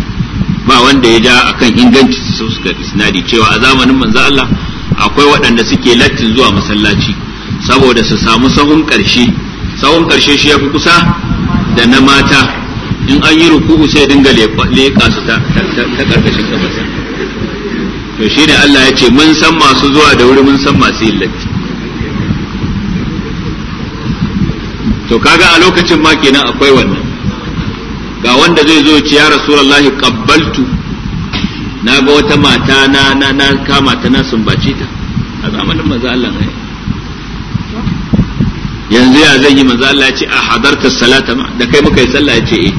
ba wanda ya ja akan inganci su suka isnadi cewa a zamanin manzo Allah akwai waɗanda suke lattin zuwa masallaci saboda su samu sahun ƙarshe sahun ƙarshe shi yafi kusa da na mata in an yi ruku'u sai dinga leƙa su ta ƙarƙashin kafarsa to shi ne Allah ya ce mun san masu zuwa da wuri mun san masu yin latti to kaga a lokacin ma kenan akwai wannan ga wanda zai zo ce ya rasulullahi qabbaltu na ga wata mata na na na kama ta na sumbace ta a zamanin manzo Allah ne yanzu ya zan yi manzo Allah ya ce a hadarta salata ma da kai muka yi sallah ya ce eh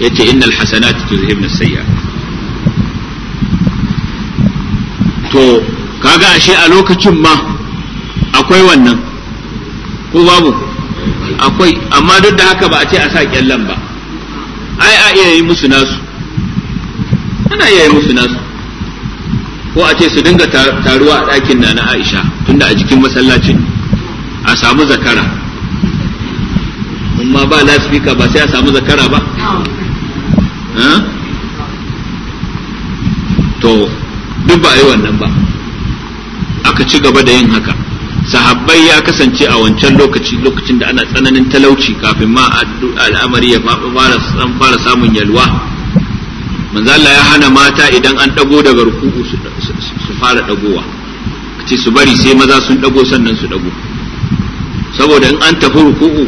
ya ce innal hasanatu tuzhibna sayyi'at to kaga ashe a lokacin ma akwai wannan ko babu akwai amma duk da haka ba a ce a sa kyallan ba ai a iya yi musu nasu ana iya yi musu nasu ko a ce su dinga taruwa a ɗakin na na Aisha tunda a jikin masallacin a samu zakara amma ba lasfika ba sai a samu zakara ba to duk ba a yi wannan ba aka ci gaba da yin haka sahabbai ya kasance a wancan lokaci lokacin da ana tsananin talauci kafin ma al'amari ya fara samun yalwa manzo Allah ya hana mata idan an dago daga ruku'u su fara dagowa kace su bari sai maza sun dago sannan su dago saboda in an tafi ruku'u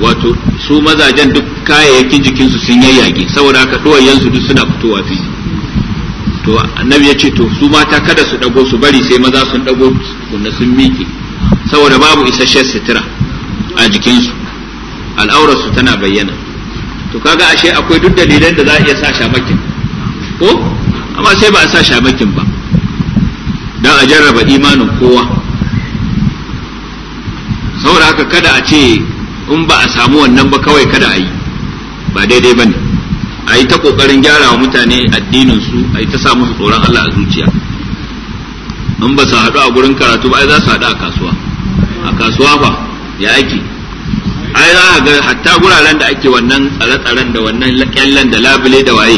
wato su mazajen duk kayayyakin jikinsu sun yayyage saboda haka yanzu duk suna fitowa fili to annabi ya ce to su mata kada su dago su bari sai maza sun dago tukunna sun miƙe saboda babu isasshen sitira a jikinsu al'aurarsu tana bayyana to kaga ashe akwai duk dalilan da za a iya sa shamakin ko amma sai ba a sa shamakin ba don a jarraba imanin kowa saboda haka kada a ce in ba a samu wannan ba kawai kada a yi ba daidai ba ne a yi ta ƙoƙarin gyara wa mutane addininsu a yi ta sa musu tsoron Allah a zuciya in ba su haɗu a gurin karatu ba ai za su haɗu a kasuwa a kasuwa ba ya ake ai za a ga hatta guraren da ake wannan tsare-tsaren da wannan kyallen da labule da waye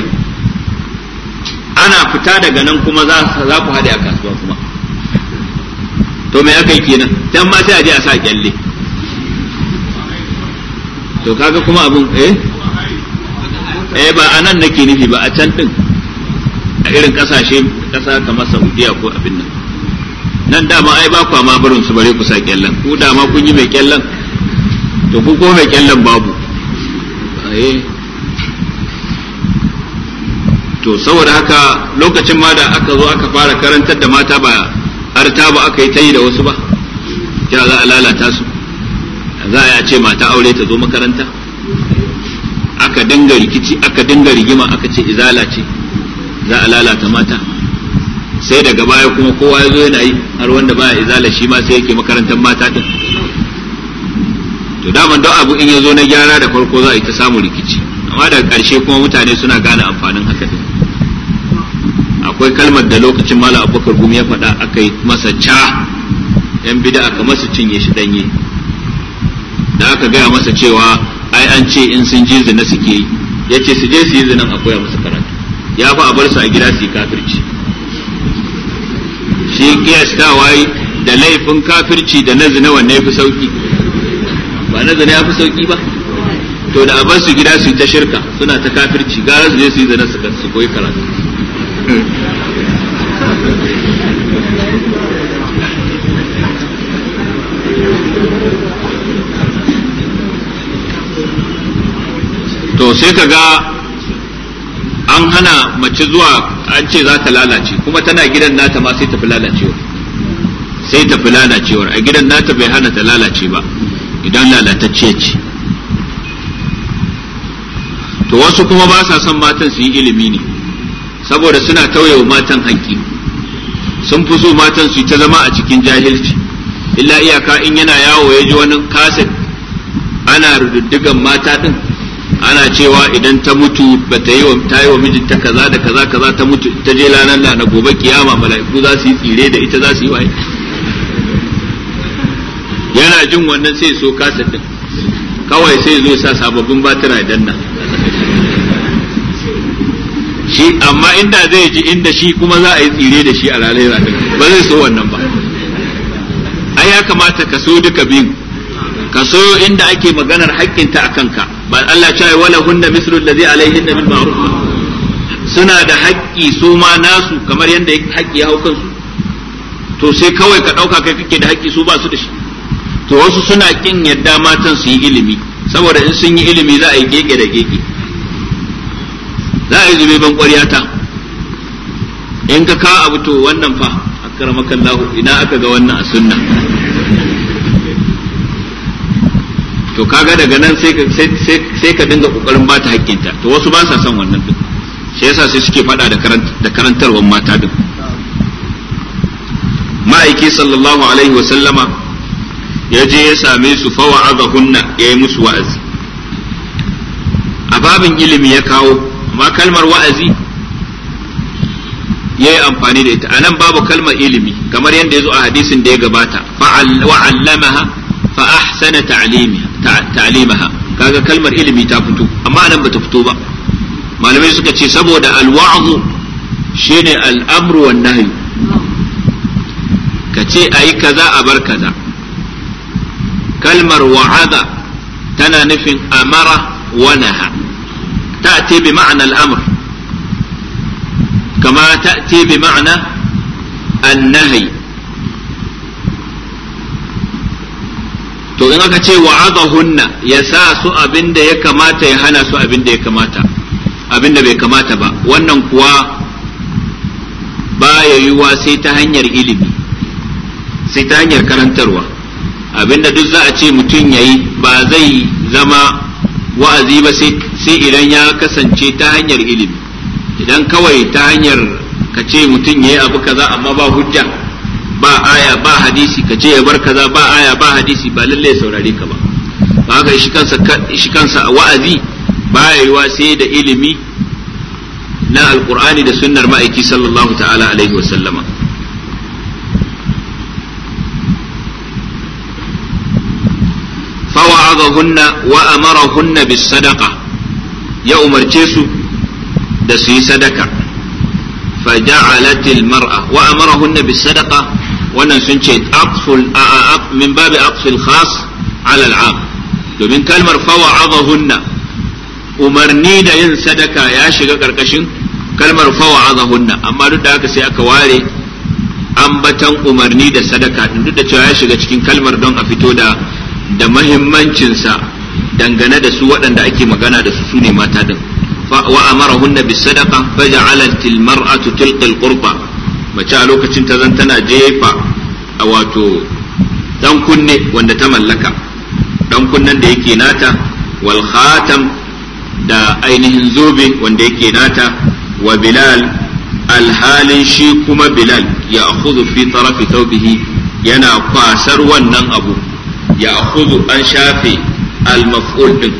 ana fita daga nan kuma za ku haɗe a kasuwa kuma to me aka yi kenan dan ma sai a je a sa kyalle to kaga kuma abin eh eh ba anan nake nufi ba a can din a irin kasashe kasa kamar Saudiya ko abin nan nan dama ai ba kwa ma barin su bare ku sa kyallan ku dama kun yi mai kyallan to ku ko mai kyallan babu to saboda haka lokacin ma da aka zo aka fara karantar da mata ba har ta ba aka yi ta yi da wasu ba ya za a lalata su za a ce mata aure ta zo makaranta aka dinga rikici aka dinga rigima aka ce izala ce za a lalata mata sai daga baya kuma kowa ya zo yana yi har wanda baya izala shi ma sai yake makarantar mata din to daman don abu in ya zo na gyara da farko za a yi ta samu rikici amma daga ƙarshe kuma mutane suna gane amfanin haka din akwai kalmar da lokacin mala abubakar gumi ya faɗa aka yi masa ca yan bida aka masa cinye shi ɗanye da aka gaya masa cewa ai an ce in sun ji zina suke yi ya ce su je su yi zinan a koya karatu ya fa a bar su a gida su yi kafirci shi kiyastawa yi da laifin kafirci da na zina wanne fi sauki ba na zina ya fi sauki ba to da a bar su gida su yi ta shirka suna ta kafirci gara su je su yi zina su koyi karatu to sai ka ga an hana mace zuwa an ce za ta lalace kuma tana gidan nata ma sai tafi lalacewa sai fi lalacewa a gidan nata bai hana ta lalace ba idan lalatacce ce to wasu kuma ba sa son matan su yi ilimi ne saboda suna tauye wa matan haƙƙi sun fi so matan su yi ta zama a cikin jahilci illa iyaka in yana yawo ya ji wani kaset ana rududdugan mata ɗin ana cewa idan ta mutu ba ta yi wa ta yi wa mijinta kaza da kaza kaza ta mutu ta je lanan da na gobe kiyama mala'iku za su yi tsire da ita za su yi waye yana jin wannan sai so kasa din kawai sai zo sa sababbin batira danna shi amma inda zai ji inda shi kuma za a yi tsire da shi a ranar ba zai so wannan ba ai ya kamata ka so duka biyu ka so inda ake maganar haƙƙinta a kanka bal Allah ce wala hunna mislu allazi alaihin bil ma'ruf suna da haƙƙi su ma nasu kamar yadda haƙƙi ya hau kansu to sai kawai ka ɗauka kai kake da haƙƙi su ba su da shi to wasu suna ƙin yadda matan su yi ilimi saboda in sun yi ilimi za a yi gege da gege. za a yi zube ban ƙwaryata in ka kawo abu to wannan fa akramakallahu ina aka ga wannan a sunna to kaga daga nan sai ka dinga kokarin bata hakkinta to wasu ba sa son wannan din shi yasa sai suke fada da karantarwar mata din ma'aiki sallallahu alaihi wa sallama ya je ya same su fawa hunna ya yi musu wa'azi a babin ilimi ya kawo amma kalmar wa'azi ya yi amfani da ita a nan babu kalmar ilimi kamar yadda ya zo a hadisin da ya gabata wa'allamaha fa ahsana ta'limiha ta'limaha kaga kalmar ilimi ta fito amma anan bata fito ba malamai suka ce saboda alwa'zu shine al'amru wan nahyi ka ce ayi kaza a bar kaza kalmar wa'ada tana nufin amara wa naha ta'ti bi ma'na al'amr kama ta'ti bi ma'na an-nahy to aka ce wa'adahunna ya sa su abin da ya kamata ya hana su abin ya kamata abin bai kamata ba wannan kuwa baya yiwuwa sai ta hanyar ilimi sai ta hanyar karantarwa abinda duk za a ce mutum yayi ba zai zama wa'azi ba sai idan ya kasance ta hanyar ilimi idan kawai ta hanyar ka ce mutum yayi abu kaza amma ba hujja ba aya ba hadisi ka je ya bar kaza ba aya ba hadisi ba lalle ya saurare ka ba ba haka shi kansa wa'azi ba ya yiwa sai da ilimi na alkur'ani da sunnar ma'aiki sallallahu ta'ala alaihi wa sallama fawa'adahunna wa amarahunna bis sadaqa ya umarce su da su yi sadaka فجعلت المرأة وأمرهن بالصدقة wannan sun ce min babi aqsul khas ala al'am domin kalmar fawa'adahunna umarni da yin sadaka ya shiga karkashin kalmar fawa'adahunna amma duk da haka sai aka ware ambatan umarni da sadaka duk da cewa ya shiga cikin kalmar don a fito da da mahimmancinsa dangane da su waɗanda ake magana da su sune mata din wa amarahunna bis sadaqa faja'alat al mar'atu tilqa al qurba mace a lokacin ta zan tana jefa a wato dan kunne wanda ta mallaka dan kunnen da yake nata wal khatam da ainihin zobe wanda yake nata wa bilal alhalin shi kuma bilal ya akhudhu fi tarafi thawbihi yana kwasar wannan abu ya akhudhu an shafe al maf'ul din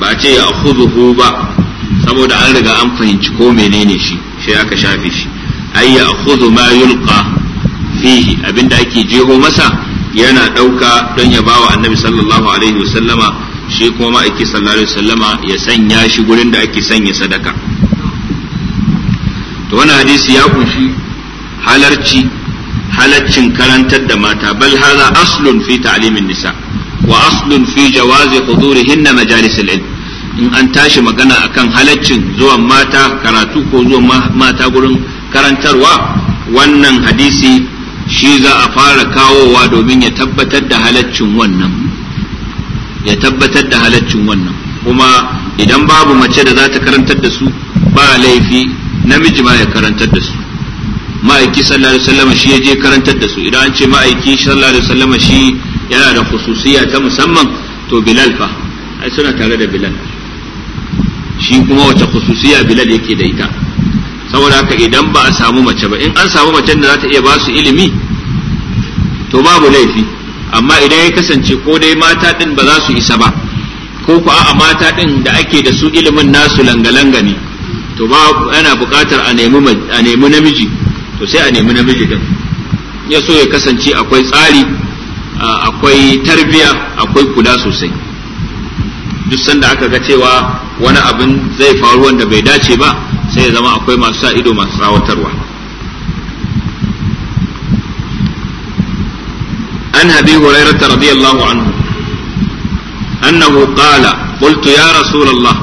ba ce ya akhudhu ba saboda an riga an fahimci ko menene shi shi aka shafe shi ay ya'khudhu ma yulqa fihi abinda ake jeho masa yana dauka don ya bawa annabi sallallahu alaihi wasallama shi kuma ma'aiki sallallahu alaihi wasallama ya sanya shi gurin da ake sanya sadaka to wannan hadisi ya kunshi halarci halaccin karantar da mata bal hadha aslun fi ta'limin nisa wa aslun fi jawazi hudurihinna majalis al-ilm in an tashi magana akan halaccin zuwan mata karatu ko zuwan mata gurin karantarwa wannan hadisi shi za a fara kawowa domin ya tabbatar da halaccin wannan ya tabbatar da halaccin wannan kuma idan babu mace da za ta karantar da su ba laifi namiji ma ya karantar da su ma'aiki sallallahu alaihi wasallam shi ya je karantar da su idan an ce ma'aiki sallallahu alaihi wasallam shi yana da khususiya ta musamman to bilal fa ai suna tare da bilal shi kuma wata khususiya bilal yake da ita saboda haka idan ba a samu mace ba in an samu mace da za ta iya ba su ilimi to babu laifi amma idan ya kasance ko dai mata din ba za su isa ba ko ku a mata din da ake da su ilimin nasu langa-langa ne to ba yana buƙatar a nemi namiji to sai a nemi namiji din ya so ya kasance akwai tsari akwai tarbiya akwai kula sosai duk sanda aka ga cewa wani abin zai faru wanda bai dace ba sai zama akwai masu sa ido masu tsawatarwa an abi hurairata radiyallahu anhu annahu qala qultu ya rasulullah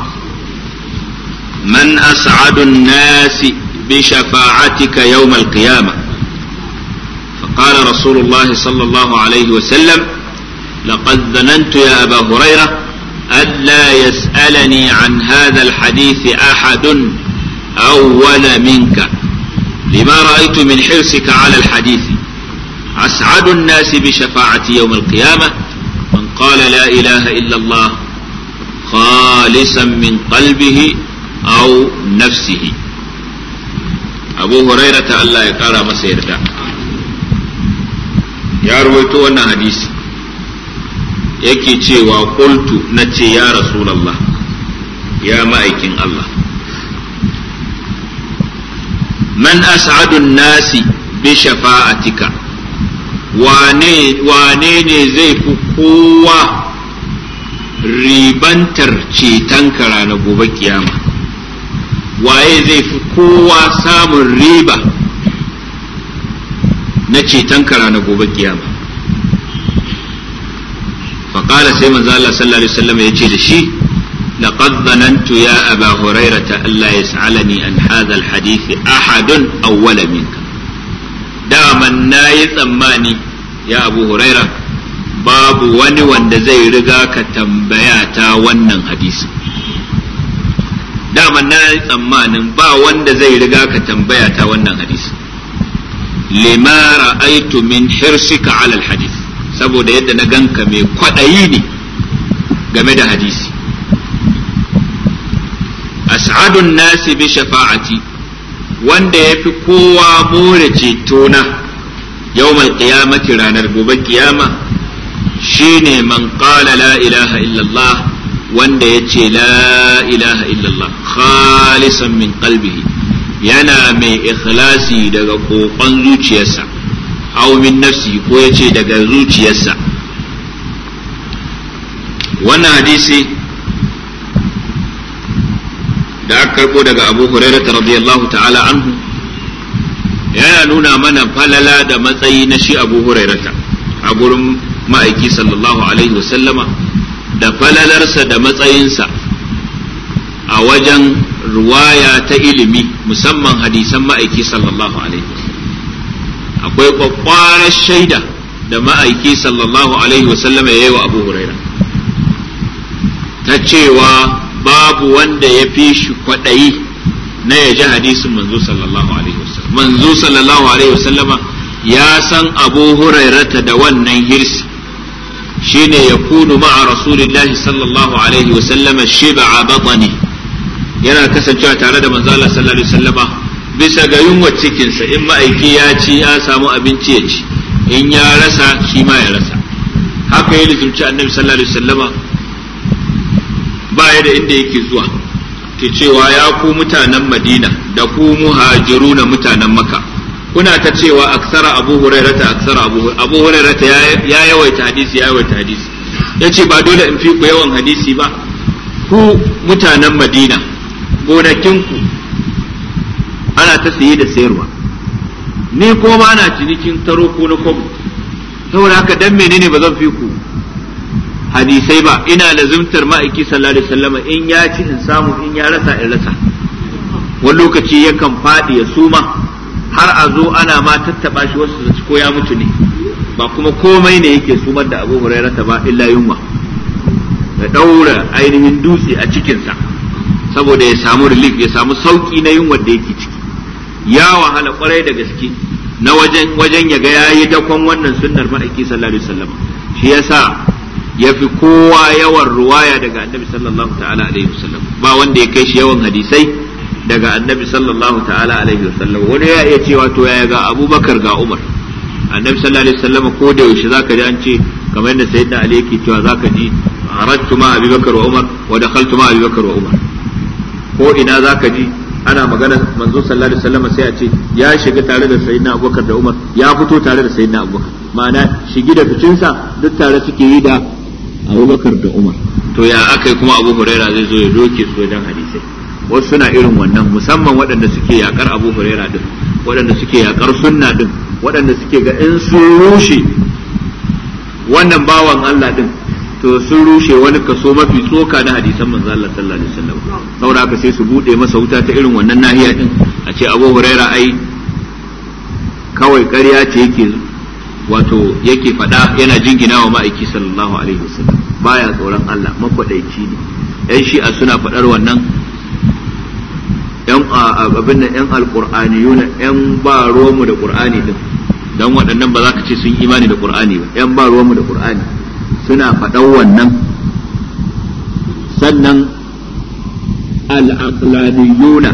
man as'adun nasi بشفاعتك يوم qiyamah فقال رسول الله صلى الله عليه وسلم لقد ظننت يا أبا هريرة ألا يسألني عن هذا الحديث أحد أول منك لما رأيت من حرصك على الحديث أسعد الناس بشفاعة يوم القيامة من قال لا إله إلا الله خالصا من قلبه أو نفسه أبو هريرة الله يقرأ مسير دا يا رويتو أنا حديث تي وقلت نتي يا رسول الله يا مائكين الله man as'adun nasi bi shafa'atika wane wane ne zai fi kowa ribantar cetonka ranar gobe kiyama waye zai fi kowa samun riba na cetonka ranar gobe kiyama faƙala sai manzo Allah sallallahu alaihi ya ce da shi لقد ظننت يا أبا هريرة ألا يسألني عن هذا الحديث أحد أول منك داما ناي tsammani يا أبو هريرة babu wani wanda zai riga ka tambaya wannan hadisi dama na tsammanin ba wanda zai riga ka tambaya ta wannan hadisi lima ra'aitu min hirsika alal saboda yadda na ganka mai kwaɗayi ne game da hadisi as'adun nasibi bi shafa'ati wanda yafi kowa more cetona yawmal ƙiyamati ranar gobe ƙiyama shine man ƙala la ilaha illallah wanda yace la ilaha illallah khalisan min qalbihi yana mai ikhlasi daga kokon zuciyarsa aw min nafsi ko yace daga zuciyarsa wannan hadisi da aka karbo daga abu hurairata radiyallahu ta'ala anhu yana nuna mana falala da matsayi na shi abu hurairata a gurin ma'aiki sallallahu alaihi wasallama da falalarsa da matsayinsa a wajen ruwaya ta ilimi musamman hadisan ma'aiki sallallahu alaihi akwai kwakwarar shaida da ma'aiki sallallahu alaihi wasallama ya yi wa abu huraira ta cewa babu wanda ya fi shi kwaɗayi na ya ji hadisin manzo sallallahu alaihi wasallam manzo sallallahu alaihi wasallam ya san abu hurairata da wannan hirsi shine ya kunu ma'a rasulillahi sallallahu alaihi wasallam shib'a batani yana kasancewa tare da manzo Allah sallallahu alaihi wasallam bisa ga yunwa cikinsa in ma'aiki ya ci ya samu abinci ya ci in ya rasa shi ma ya rasa haka ya lizumci annabi sallallahu alaihi wasallam Ba ya da inda yake zuwa ke cewa ya ku mutanen madina da ku muhajiru na mutanen maka kuna ta cewa aksara abu hurairata aksara abu hurairata ya yawaita hadisi ya yawaita hadisi Ya ce ba dole in fi ku yawan hadisi ba ku mutanen madina gonakinku ana ta saye da sayarwa ni ko ma na cinikin taro ko na kwabo saboda haka dan menene ba zan fi ku hadisai ba ina zumtar ma'aiki sallallahu alaihi wasallam in ya ci in samu in ya rasa in rasa wani lokaci yakan faɗi ya suma har a zo ana ma tattaba shi wasu su ko ya mutu ne ba kuma komai ne yake sumar da abu rasa ba illa yunwa da ɗaura ainihin dutse a cikinsa saboda ya samu relief ya samu sauki na yunwa da yake ciki ya wahala kwarai da gaske na wajen wajen ya ga yayi dakon wannan sunnar ma'aiki sallallahu alaihi wasallam shi yasa ya fi kowa yawan ruwaya daga annabi sallallahu ta'ala alaihi wasallam ba wanda ya kai shi yawan hadisai daga annabi sallallahu ta'ala alaihi wasallam wani ya iya cewa to yaya ga abubakar ga umar annabi sallallahu alaihi wasallam ko da yaushe zaka ji an ce kamar yadda sayyidina ali yake cewa zaka ji aratu ma abubakar wa umar wa dakhaltu ma abubakar wa umar ko ina zaka ji ana magana manzo sallallahu alaihi wasallam sai a ce ya shiga tare da sayyidina abubakar da umar ya fito tare da sayyidina abubakar ma'ana shigi da ficinsa duk tare suke yi da bakar da umar to ya aka yi kuma abu huraira zai zo ya doke su wajen hadisai wasu suna irin wannan musamman waɗanda suke yakar abu huraira din waɗanda suke yakar sunna din waɗanda suke ga in sun rushe wannan bawan Allah din to sun rushe wani kaso mafi tsoka na hadisan manzo Allah sallallahu alaihi wasallam saboda haka sai su bude masa wuta ta irin wannan nahiya din a ce abu huraira ai kawai ƙarya ce yake wato yake faɗa yana jingina wa ma'aiki sallallahu alaihi wasallam baya tsoron Allah makwadaici ne yan shi'a suna faɗar wannan yan abin nan yan yuna yan ba mu da qur'ani din dan waɗannan ba za ka ce sun imani da qur'ani ba yan ba mu da qur'ani suna faɗar wannan sannan al-aqlaniyuna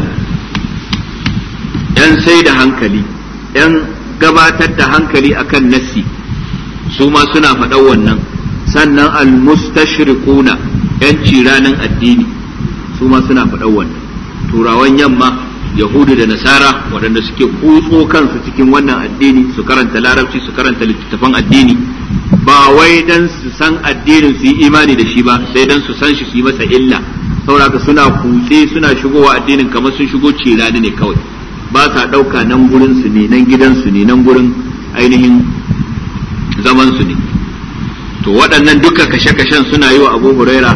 yan sai da hankali yan gabatar da hankali akan nassi su ma suna faɗan wannan sannan almustashriquna yanci ranan addini su ma suna faɗan wannan turawan yamma yahudu da nasara waɗanda suke kutso kansu cikin wannan addini su karanta larabci su karanta littattafan addini ba wai dan su san addinin su yi imani da shi ba sai dan su san shi su yi masa illa saboda suna kutse suna shigowa addinin kamar sun shigo cirani ne kawai ba sa ɗauka nan gurin su ne nan gidan su ne nan gurin ainihin zaman su ne to waɗannan duka kashe-kashen suna yi wa abu huraira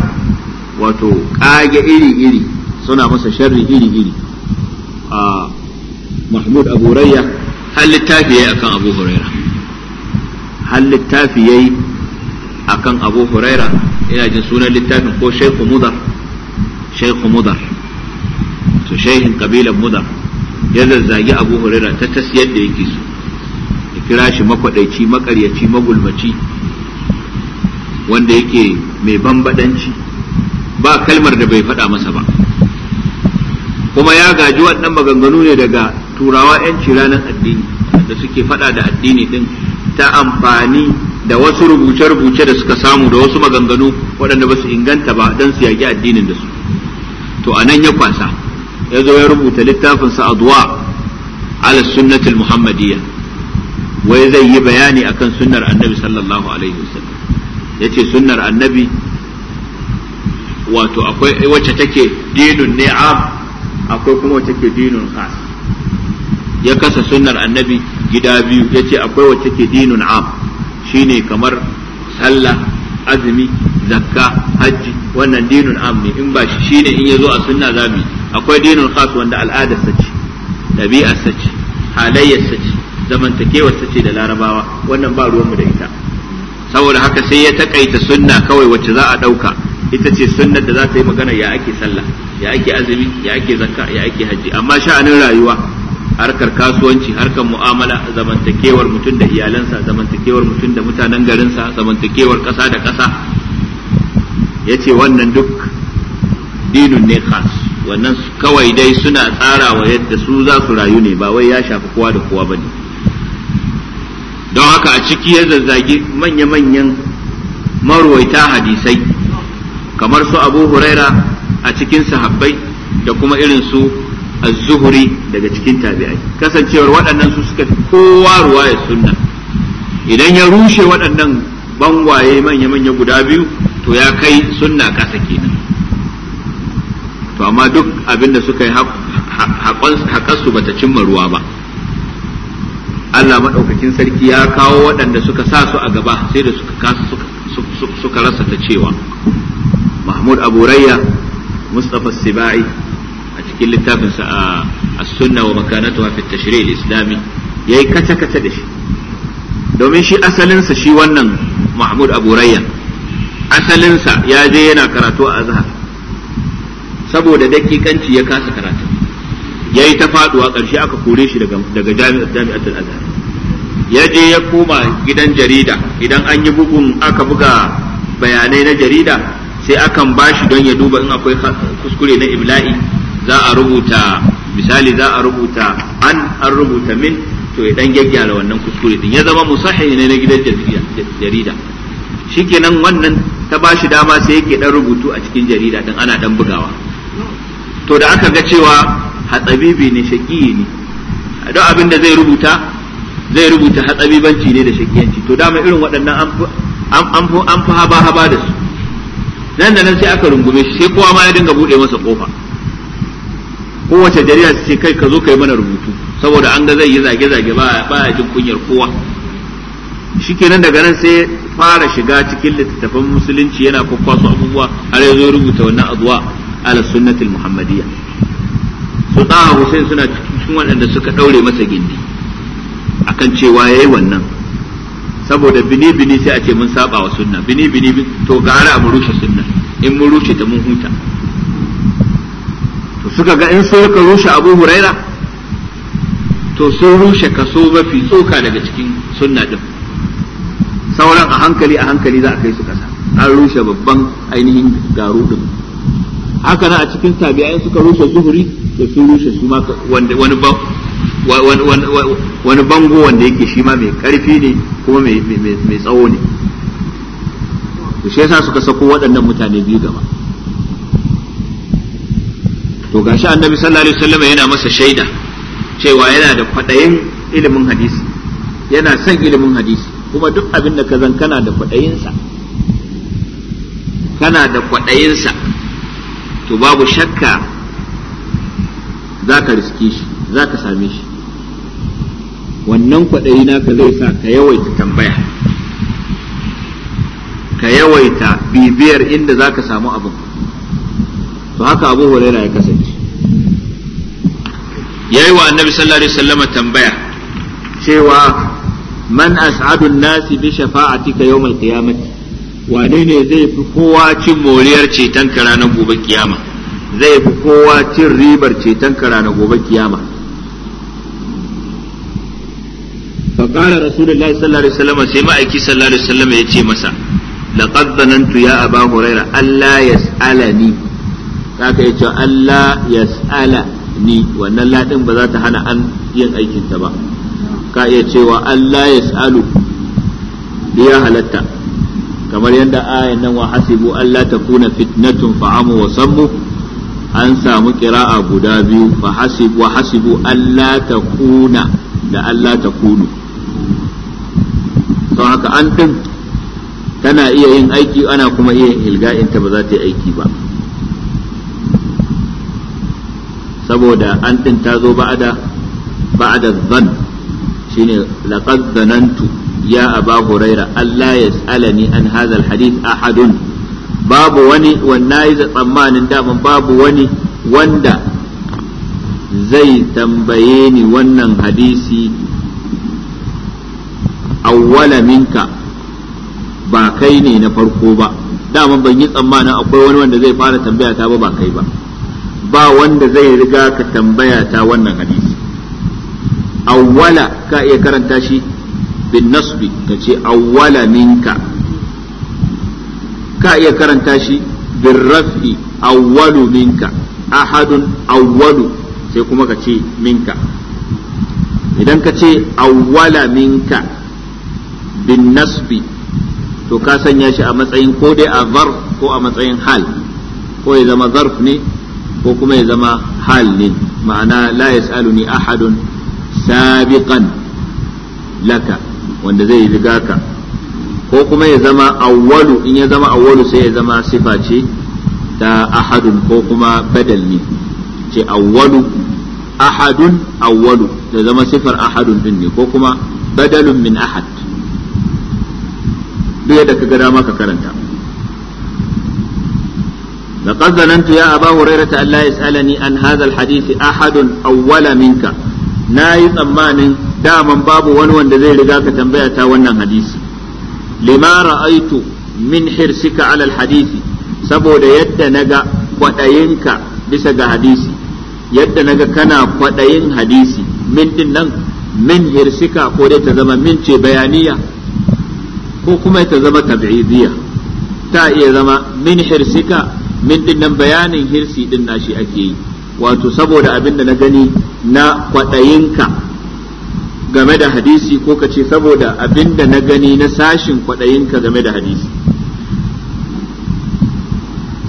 wato ƙage iri-iri suna masa sharri iri-iri a mahmud abu huraira har littafi yayi akan abu huraira har littafi yayi akan abu huraira ina jin sunan littafin ko shaikhu mudar shaikhu mudar to shaihin kabilan mudar ya zazzagi abu huraira ta tasiyar da yake so ya kira shi makwadaici makaryaci magulmaci wanda yake mai bambadanci ba kalmar da bai faɗa masa ba kuma ya gaji waɗannan maganganu ne daga turawa 'yanci ranar addini da suke faɗa da addini din ta amfani da wasu rubuce-rubuce da suka samu da wasu maganganu waɗanda ba su inganta ba don su yaƙi addinin da su to a nan ya kwasa ya zo ya rubuta littafinsa adwa ala sunnatul muhammadiyya wai zai yi bayani akan sunnar annabi sallallahu alaihi wasallam yace sunnar annabi wato akwai wacce take dinun ni'am akwai kuma wacce take dinun khas ya kasa sunnar annabi gida biyu ya ce akwai wacce take dinun am shine kamar sallah azumi zakka hajji wannan dinun amni in ba shi shine in yazo a sunna zabi akwai dinun khas wanda al'adar sace ce sace halayya ce halayyar sa ce da larabawa wannan ba ruwan mu da ita saboda haka sai ya takaita sunna kawai wacce za a dauka ita ce sunnar da za ta yi magana ya ake sallah ya ake azumi ya ake zakka ya ake hajji amma sha'anin rayuwa harkar kasuwanci harkar mu'amala zamantakewar mutum da iyalansa zamantakewar mutum da mutanen garinsa zamantakewar ƙasa da ƙasa ya ce wannan duk dinun ne khas wannan kawai dai suna tsara wa yadda su za su rayu ne ba wai ya shafi kowa da kowa ba ne don haka a ciki ya zazzagi manya-manyan marwaita hadisai kamar su abu huraira a cikin sahabbai da kuma irin su az-zuhri daga cikin tabi'ai kasancewar waɗannan su suka fi kowa ruwayar sunna idan ya rushe waɗannan bangwaye manya manya guda biyu to ya kai sunna kasa kenan to amma duk abinda suka yi haƙansu bata cimma ruwa ba Allah maɗaukakin sarki ya kawo waɗanda suka sa su a gaba sai da suka kasa suka rasa ta cewa Mahmud Abu Rayya Mustapha Sibai cikin littafinsa a as-sunna wa makanatu fi tashri' al-islami yayi kata kata da shi domin shi asalinsa shi wannan Mahmud Abu Rayyan asalinsa ya je yana karatu a Azhar saboda dakikanci ya kasa karatu yayi ta faduwa karshe aka kore shi daga daga jami'at jami'atul Azhar ya je ya koma gidan jarida idan an yi bugun aka buga bayanai na jarida sai akan bashi don ya duba in akwai kuskure na ibla'i za a rubuta misali za a rubuta an an rubuta min to ya dan gyaggyara wannan kuskure din ya zama musahi ne na gidan jarida shikenan wannan ta ba shi dama sai yake dan rubutu a cikin jarida din ana dan bugawa to da aka ga cewa hatsabibi ne shaki ne don abin da zai rubuta zai rubuta hatsabibanci ne da shakiyanci. to dama irin waɗannan an fi haba haba da su nan da nan sai aka rungume shi sai kowa ma ya dinga buɗe masa kofa kowace jarida su ce kai ka zo kai mana rubutu saboda an ga zai yi zage-zage ba ya jin kunyar kowa shikenan daga nan sai fara shiga cikin littattafan musulunci yana kwakwaso abubuwa har ya zo rubuta wannan azuwa ala sunnatul muhammadiyya su tsaha hussein suna cikin waɗanda suka ɗaure masa gindi akan cewa ya yi wannan saboda bini bini sai a ce mun saba wa sunna bini bini to gara a murushe rushe sunna in mun rushe ta mun huta to suka ga in ka rushe abu huraira to sun rushe kaso mafi tsoka daga cikin sunna din sauran a hankali a hankali za a kai su kasa an rushe babban ainihin garu din haka na a cikin tabi'ai suka rushe zuhuri da sun rushe su ma wani wani bango wanda yake shi ma mai karfi ne kuma mai tsawo ne to shi yasa suka sako waɗannan mutane biyu gaba to gashi annabi sallallahu alaihi wasallam yana masa shaida cewa yana da kwaɗayin ilimin hadisi yana son ilimin hadisi kuma duk abin da ka zan kana da kwaɗayinsa kana da kwaɗayinsa to babu shakka za ka riske shi za ka same shi wannan kwaɗayi naka zai sa ka yawaita tambaya ka yawaita bibiyar inda za ka samu abin to haka abu huraira ya kasance yi wa annabi sallallahu alaihi wasallam tambaya cewa man as'adu nasi bi shafa'atika yawm al-qiyamah wane ne zai fi kowa cin moriyar ceton kara na gobe kiyama zai fi kowa cin ribar ceton kara na gobe kiyama فقال رسول الله صلى الله عليه وسلم سيما salama ya ce masa, da يتي مسا لقد ظننت يا huraira هريرة ألا يسألني za ka iya cewa Allah ya tsala ni wannan laɗin ba za ta hana an yin aikinta ba ka iya cewa Allah ya tsalu ya halatta kamar yadda ayan nan wa hasibu Allah ta kuna fitnatun fa'amu wa sammu an samu kira'a guda biyu fa hasibu wa hasibu Allah ta kuna da Allah ta kunu don haka an din tana iya yin aiki ana kuma iya yin ilga'inta ba za ta yi aiki ba saboda an ɗin ta zo ba'ada ba'ada zan shine laqad zanantu ya aba huraira Allah yas'alani an hadha alhadith ahadun babu wani wannan yi tsammanin daman babu wani wanda zai tambaye ni wannan hadisi awwala minka ba kai ne na farko ba daman ban yi tsammanin akwai wani wanda zai fara tambaya ta ba ba kai ba ba wanda zai riga ka tambaya ta wannan hadisi awwala ka iya karanta shi bin nasbi ka ce awwala minka ka iya karanta shi bin raf'i awwalu minka ahadun awwalu sai kuma ka ce minka idan ka ce awwala minka bin nasbi to ka sanya shi a matsayin ko dai a zarf ko a matsayin hal ko ya zama zarf ne ko kuma ya zama hal ne ma'ana la yas'aluni ahadun sabiqan laka wanda zai riga ka ko kuma ya zama awwalu in ya zama awwalu sai ya zama sifa ce ta ahadun ko kuma badal ne ce awwalu ahadun awwalu da zama sifar ahadun din ne ko kuma badalun min ahad duk yadda ka ga dama ka karanta لقد ظننت يا أبا هريرة أن لا يسألني عن هذا الحديث أحد أول منك ناي تمان داما باب وان وان ذي لقاك تنبيه تاوانا حديث لما رأيت من حرصك على الحديث سبو يد نجا kwaɗayinka bisa ga hadisi yadda naga kana kwaɗayin hadisi min din nan min hirsika ko dai ta zama min ce bayaniya ko kuma ta zama ta iya zama min hirsika min din nan bayanin hirsi din nashi ake yi wato saboda abin da na gani na kwaɗayinka game da hadisi ko ka ce saboda abin da na gani na sashin kwaɗayinka game da hadisi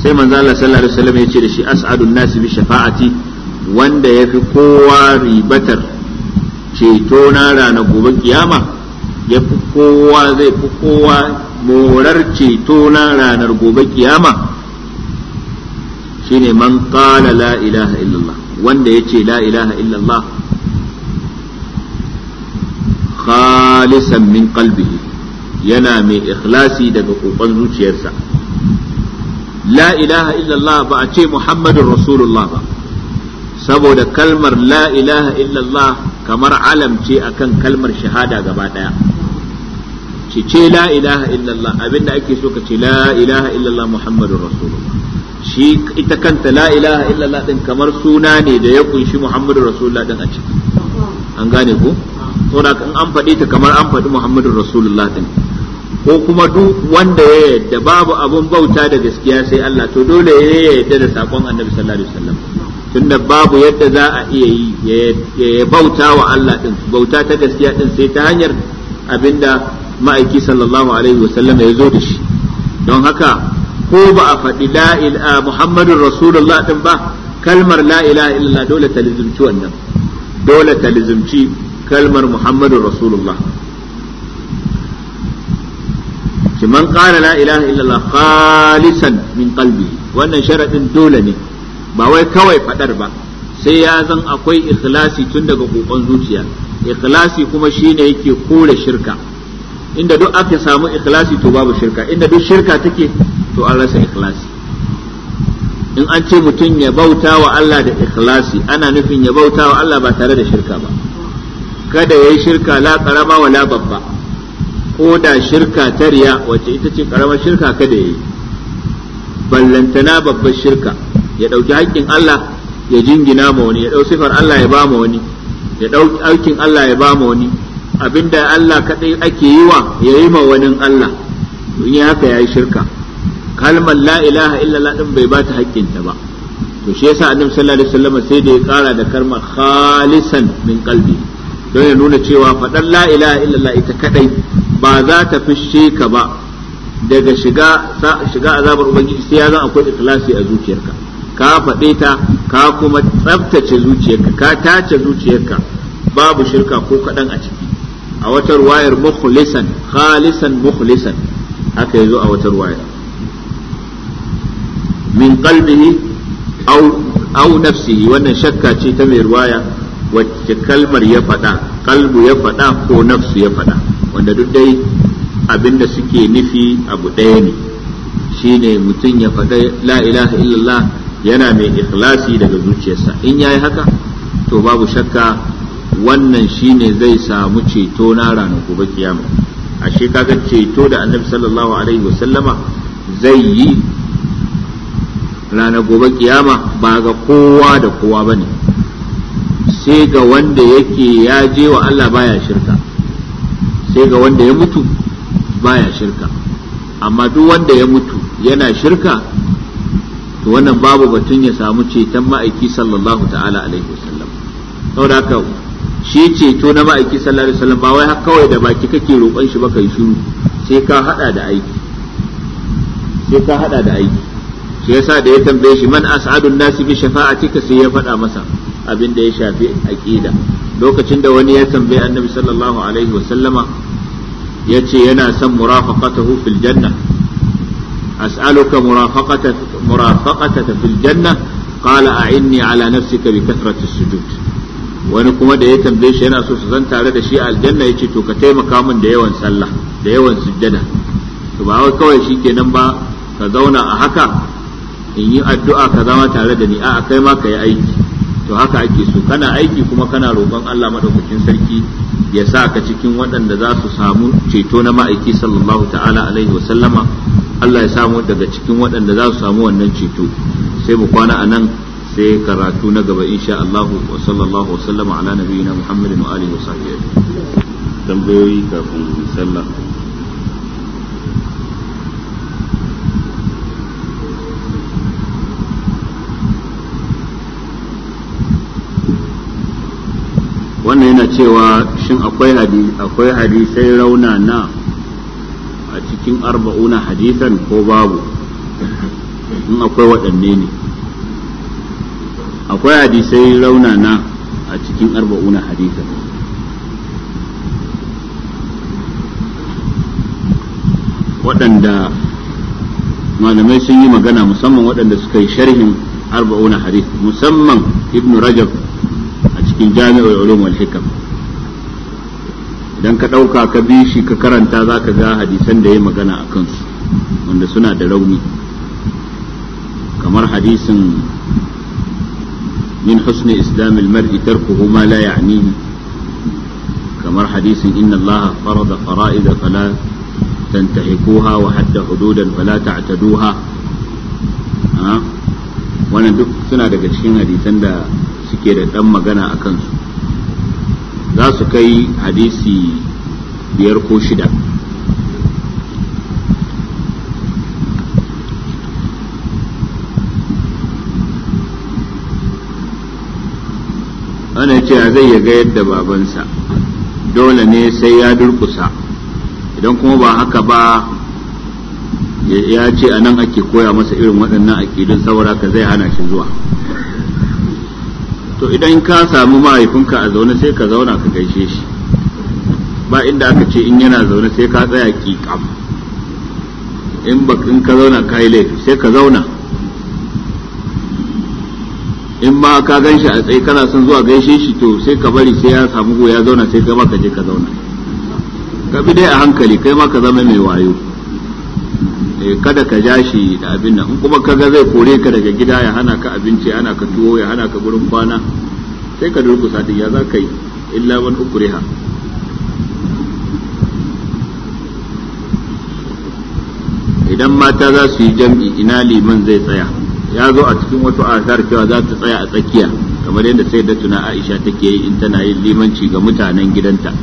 sai manzo Allah sallallahu alaihi wasallam ya ce da shi as'adun nasi bi shafa'ati wanda yafi kowa ribatar ceto na rana gobe kiyama fi kowa zai fi kowa morar ceto na ranar gobe kiyama shine man qala la ilaha illallah wanda yace la ilaha illallah khalisan min qalbihi yana mai ikhlasi daga kokon zuciyarsa la ilaha illallah ba a ce muhammadun rasulullah ba saboda kalmar la ilaha illallah kamar alam akan kalmar shahada gaba daya ce ce la ilaha illallah abinda ake so ka ce la ilaha illallah muhammadun rasulullah shi ita kanta la ilaha illallah din kamar suna ne da ya kunshi muhammadu rasulullah din a ciki an gane ko saboda in an faɗi ta kamar an faɗi muhammadu rasulullah din ko kuma duk wanda ya yadda babu abun bauta da gaskiya sai Allah to dole ya yadda da sakon annabi sallallahu alaihi wasallam tunda babu yadda za a iya yi ya bauta wa Allah din bauta ta gaskiya din sai ta hanyar abinda ma'aiki sallallahu alaihi wasallam ya zo da shi don haka ko ba a faɗi la ilaha muhammadun rasulullah din ba kalmar la ilaha illallah dole ta lizumci wannan dole ta lizumci kalmar muhammadun rasulullah ki man qala la ilaha illallah khalisan min qalbi wannan sharadin dole ne ba wai kawai fadar ba sai ya zan akwai ikhlasi tun daga kokon zuciya ikhlasi kuma shine yake kore shirka inda duk aka samu ikhlasi to babu shirka inda duk shirka take to an rasa ikhlasi in an ce mutum ya bauta wa Allah da ikhlasi ana nufin ya bauta wa Allah ba tare da shirka ba kada ya yi shirka la karama wa babba ko da shirka ta riya wacce ita ce karamar shirka kada ya yi ballantana babbar shirka ya ɗauki haƙƙin Allah ya jingina ma wani ya ɗau sifar Allah ya ba ma wani ya ɗauki aikin Allah ya ba ma wani abinda Allah kaɗai ake yi wa ya yi ma wani Allah in haka ya yi shirka kalmar la ilaha illallah din bai bata haƙƙinta ba to shi yasa annabi sallallahu alaihi wasallam sai da ya ƙara da kalmar khalisan min qalbi don ya nuna cewa faɗar la ilaha illallah ita kadai ba za ta fishe ka ba daga shiga shiga azabar ubangiji sai ya zan akwai ikhlasi a zuciyarka ka faɗe ta ka kuma tsaftace zuciyarka ka tace zuciyarka babu shirka ko kaɗan a ciki a wata ruwayar mukhlisan khalisan mukhlisan haka yazo a wata ruwayar min qalbihi aw aw nafsihi wannan shakka ce ta mai ruwaya wacce kalmar ya faɗa kalbu ya faɗa ko nafsu ya faɗa wanda duk dai abinda suke nufi abu ɗaya ne shine mutum ya faɗa la ilaha illallah yana mai ikhlasi daga zuciyarsa in yayi haka to babu shakka wannan shine zai samu ceto na ranar gobe kiyama ashe kaga ceto da annabi sallallahu alaihi sallama zai yi ranar gobe kiyama ba ga kowa da kowa ba ne sai ga wanda yake ya je wa Allah baya shirka sai ga wanda ya mutu baya shirka amma duk wanda ya mutu yana shirka to wannan babu batun ya samu ceton ma'aiki sallallahu ta'ala alaihi wasallam saboda haka shi ceto na ma'aiki sallallahu alaihi wasallam ba wai haka kawai da baki kake roƙon shi ba kai shiru sai ka hada da aiki sai ka hada da aiki shi yasa da ya tambaye shi man as'adun nasi bi shafa'atika sai ya faɗa masa abin da ya shafi aqida lokacin da wani ya tambaye annabi sallallahu alaihi wa sallama yace yana son murafaqatahu fil janna as'aluka murafaqataka murafaqataka fil janna qala a'inni ala nafsika bi kathrati sujud wani kuma da ya tambaye shi yana so su zan tare da shi aljanna yace to ka taimaka min da yawan sallah da yawan sujjada to ba wai kawai shikenan ba ka zauna a haka in yi addu'a ka zama tare da ni a kai ma ka yi aiki to haka ake so kana aiki kuma kana roƙon Allah madaukakin sarki ya sa ka cikin waɗanda za su samu ceto na ma'aiki sallallahu ta'ala alaihi wa sallama Allah ya samu daga cikin waɗanda za su samu wannan ceto sai mu kwana anan sai karatu na gaba insha Allah wa sallallahu wa sallama ala nabiyina Muhammadin wa alihi wa sahbihi tambayoyi kafin sallah kuma yana cewa shin akwai akwai hadisai na a cikin arba'una hadisan ko babu in akwai waɗanne ne akwai hadisai na a cikin arba'una hadisan waɗanda malamai sun yi magana musamman waɗanda suka yi sharhin arba'una hadis musamman ibn rajab cikin jami'ul ulum wal hikam idan ka ɗauka ka bi shi ka karanta za ka ga hadisan da ya magana a kansu wanda suna da rauni kamar hadisin min husni islam mar'i tarkuhu ma la ya'nihi kamar hadisin inna allaha farada fara'ida fala تنتهكوها وحتى حدودا فلا تعتدوها wannan duk suna daga cikin hadisan da suke da ɗan magana a kansu za su kai hadisi biyar ko shida ana cewa zai ya ga yadda babansa dole ne sai ya durkusa idan kuma ba haka ba ya ce a nan ake koya masa irin waɗannan aƙidun saboda ka zai hana shi zuwa to idan ka samu mahaifinka a zaune sai ka zauna ka gaishe shi ba inda aka ce in yana zaune sai ka tsaya kikam in ba in ka zauna ka yi laifi sai ka zauna in ma ka gan shi a tsaye kana son zuwa gaishe shi to sai ka bari sai ya samu ya zauna sai ka ma ka je ka zauna ka bi dai a hankali kai ma ka zama mai wayo Eh, kada ka ja shi da abin nan in kuma kaga zai kore ka daga gida ya hana ka abinci ana ka tuwo ya hana ka gurin kwana sai ka durkusa sati ya za ka yi illa man ha. idan mata za su yi jam'i ina liman zai tsaya ya zo a cikin wasu asar cewa za ta tsaya a tsakiya kamar yadda sai da tuna aisha take yi in tana yin limanci ga mutanen gidanta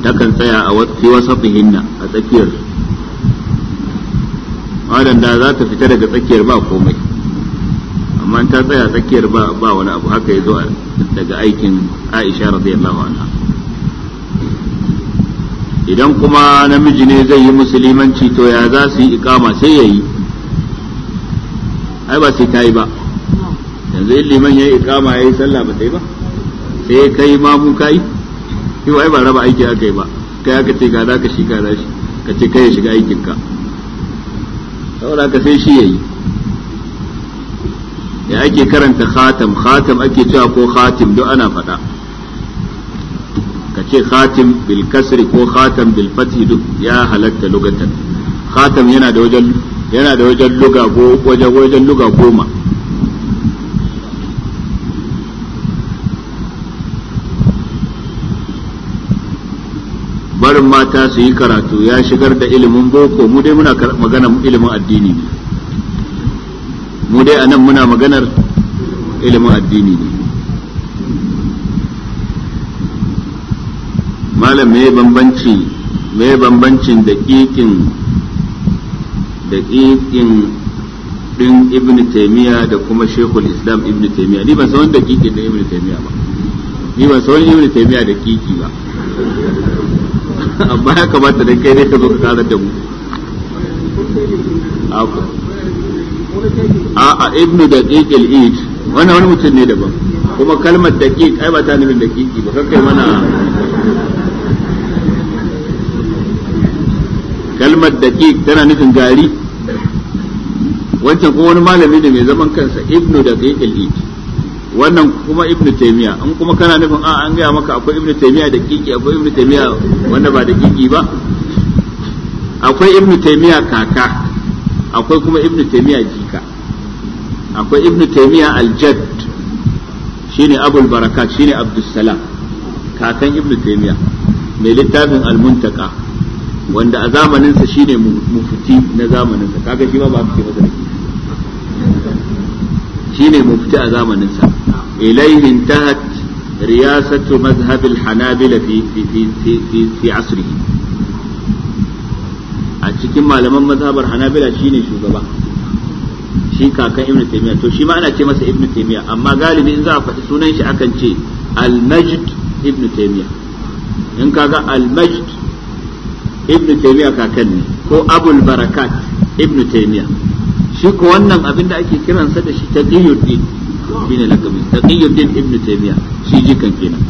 takan tsaya a wasu wasafihinna a tsakiyarsu malam da za ta fita daga tsakiyar ba komai amma ta tsaya tsakiyar ba ba wani abu haka ya zo daga aikin aisha radiyallahu anha idan kuma namiji ne zai yi musulmanci to ya za su yi ikama sai ya yi ai ba sai ta yi ba yanzu in liman ya yi ikama ya yi sallah ba sai ba sai kai mamu ka yi yau ai ba raba aiki aka yi ba kai aka ce ga za ka shi ka za shi ka ce kai ya shiga aikinka saboda ka sai shi yayi ya ake karanta khatam khatam ake cewa ko khatim duk ana faɗa ka ce khatim bil kasri ko khatam bil fathi duk ya halatta lugatan khatam yana da wajen yana da wajen luga go wajen wajen luga goma barin mata su yi karatu ya shigar da ilimin boko mu dai muna magana ilimin addini ne mu dai anan muna maganar ilimin addini ne malam me bambanci me bambancin daƙiƙin kikin din ibn taymiya da kuma shekul islam ibn taymiya ni ban san wanda kikin da ibn taymiya ba ni ban san wani ibn taymiya da kiki ba amma ya kamata da kai ne ka zo ka karar da mu a a ibnu da al-eid wani wani mutum ne daban kuma kalmar ke ai ba ta nufin daqiqi ba kai mana kalmar ke tana nufin gari wancan ko wani malami da mai zaman kansa ibnu da al-eid wannan kuma ibnu taymiya in kuma kana nufin a an gaya maka akwai ibnu taymiya da kiki akwai ibnu taymiya wanda ba da kiki ba akwai ibnu taymiya kaka akwai kuma ibnu taymiya jika akwai ibnu taymiya aljad shine abul barakat shine abdussalam kakan ibnu taymiya mai littafin almuntaka wanda a zamaninsa shine mufti na zamaninsa kaga shi ma ba ka ce masa da shine mufti a zamanin sa ilaihi intahat riyasatu madhhab al-hanabila fi fi fi fi asrihi a cikin malaman mazhabar hanabila shine shugaba shi kakan Ibn taymiya to shi ma ana ce masa Ibn taymiya amma galibi in za a faɗi sunan shi akan ce al-majd Ibn taymiya in kaga al-majd Ibn taymiya kakan ne ko abul barakat Ibn taymiya shi ko wannan abin da ake kiransa da shi ta taqiyuddin shine lakabin taqiyuddin ibn taymiya shi jikan kenan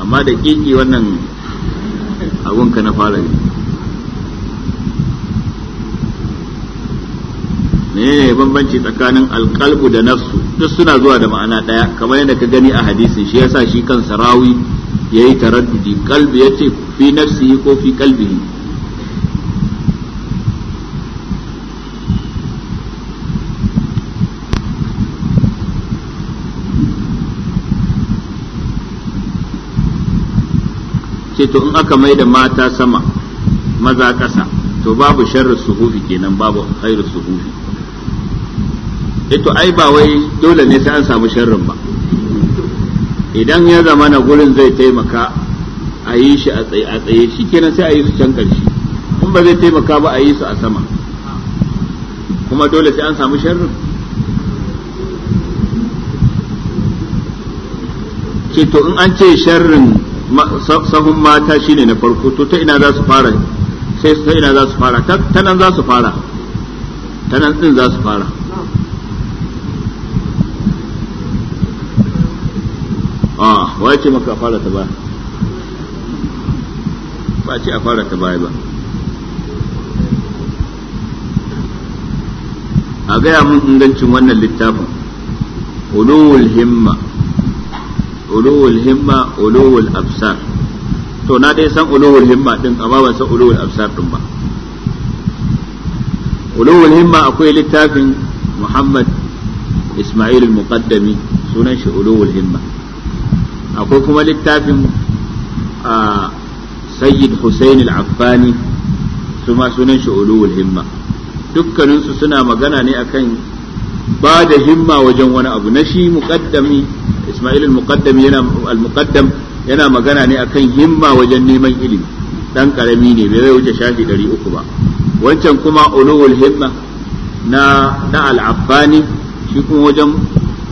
amma da kiki wannan abun ka na fara ne menene bambanci tsakanin alƙalbu da nafsu duk suna zuwa da ma'ana ɗaya kamar yadda ka gani a hadisin shi yasa shi kansa rawi yayi taraddudi ya yace fi nafsihi ko fi kalbihi ce to in aka mai da mata sama maza ƙasa to babu sharri suhufi kenan babu khairu suhufi ito eh ai ba wai dole ne sai an samu sharrin ba idan ya zama na gurin zai taimaka a yi shi a tsaye a tsaye shi kenan sai a yi su can ƙarshe in ba zai taimaka ba a yi su a sama kuma dole sai an samu sharrin ce to in an ce sharrin sahun mata shi ne na farko to ta ina za su fara sai ta ina za su fara ta nan za su fara ta nan din za su fara a ah, waye ce maka fara ta baya ba ce a fara ta baya ba a gaya mun ingancin wannan littafin ulul himma ulowul himma ulowul absar to na dai san ulowul himma din amma ban san ulowul absar din ba ulowul himma akwai littafin muhammad ismail al-muqaddami sunan shi ulowul himma akwai kuma littafin a sayyid hussein al-affani su ma sunan shi ulowul himma dukkaninsu suna magana ne akan ba da himma wajen wani abu na shi muqaddami Isma'il al-muqaddami yana al-muqaddam yana magana ne akan himma wajen neman ilimi dan karami ne bai wuce shafi 300 ba wancan kuma ulul himma na na al-abbani shi kuma wajen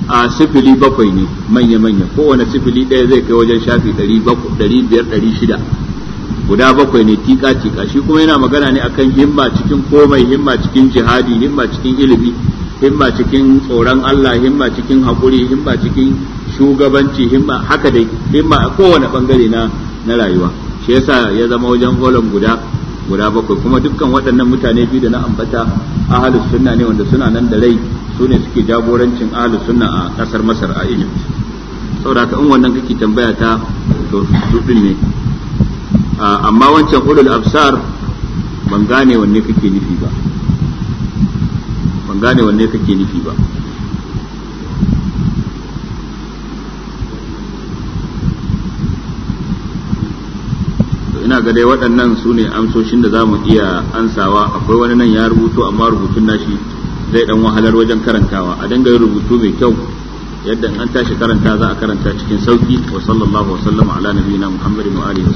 a sifili bakwai ne manya manya kowane sifili ɗaya zai kai wajen shafi 500 guda bakwai ne tika tika shi kuma yana magana ne akan himma cikin komai himma cikin jihadi himma cikin ilimi himma cikin tsoron Allah himma cikin haƙuri himma cikin shugabanci himma haka dai himma a kowane bangare na na rayuwa shi yasa ya zama wajen kolon guda guda bakwai kuma dukkan waɗannan mutane biyu da na ambata ahlus sunna ne wanda suna nan da rai su ne suke jagorancin ahlus sunna a ƙasar Masar a Egypt saboda ka in wannan kake tambaya ta to su din ne amma wancan ulul absar ban gane wanne kake nufi ba ban gane wanne kake nufi ba ina ga dai waɗannan su ne amsoshin da za mu iya ansawa akwai wani nan ya rubutu amma rubutun nashi zai ɗan wahalar wajen karantawa a dinga rubutu mai kyau yadda an tashi karanta za a karanta cikin sauki wa sallallahu wa sallama ala nabiyina muhammadin wa alihi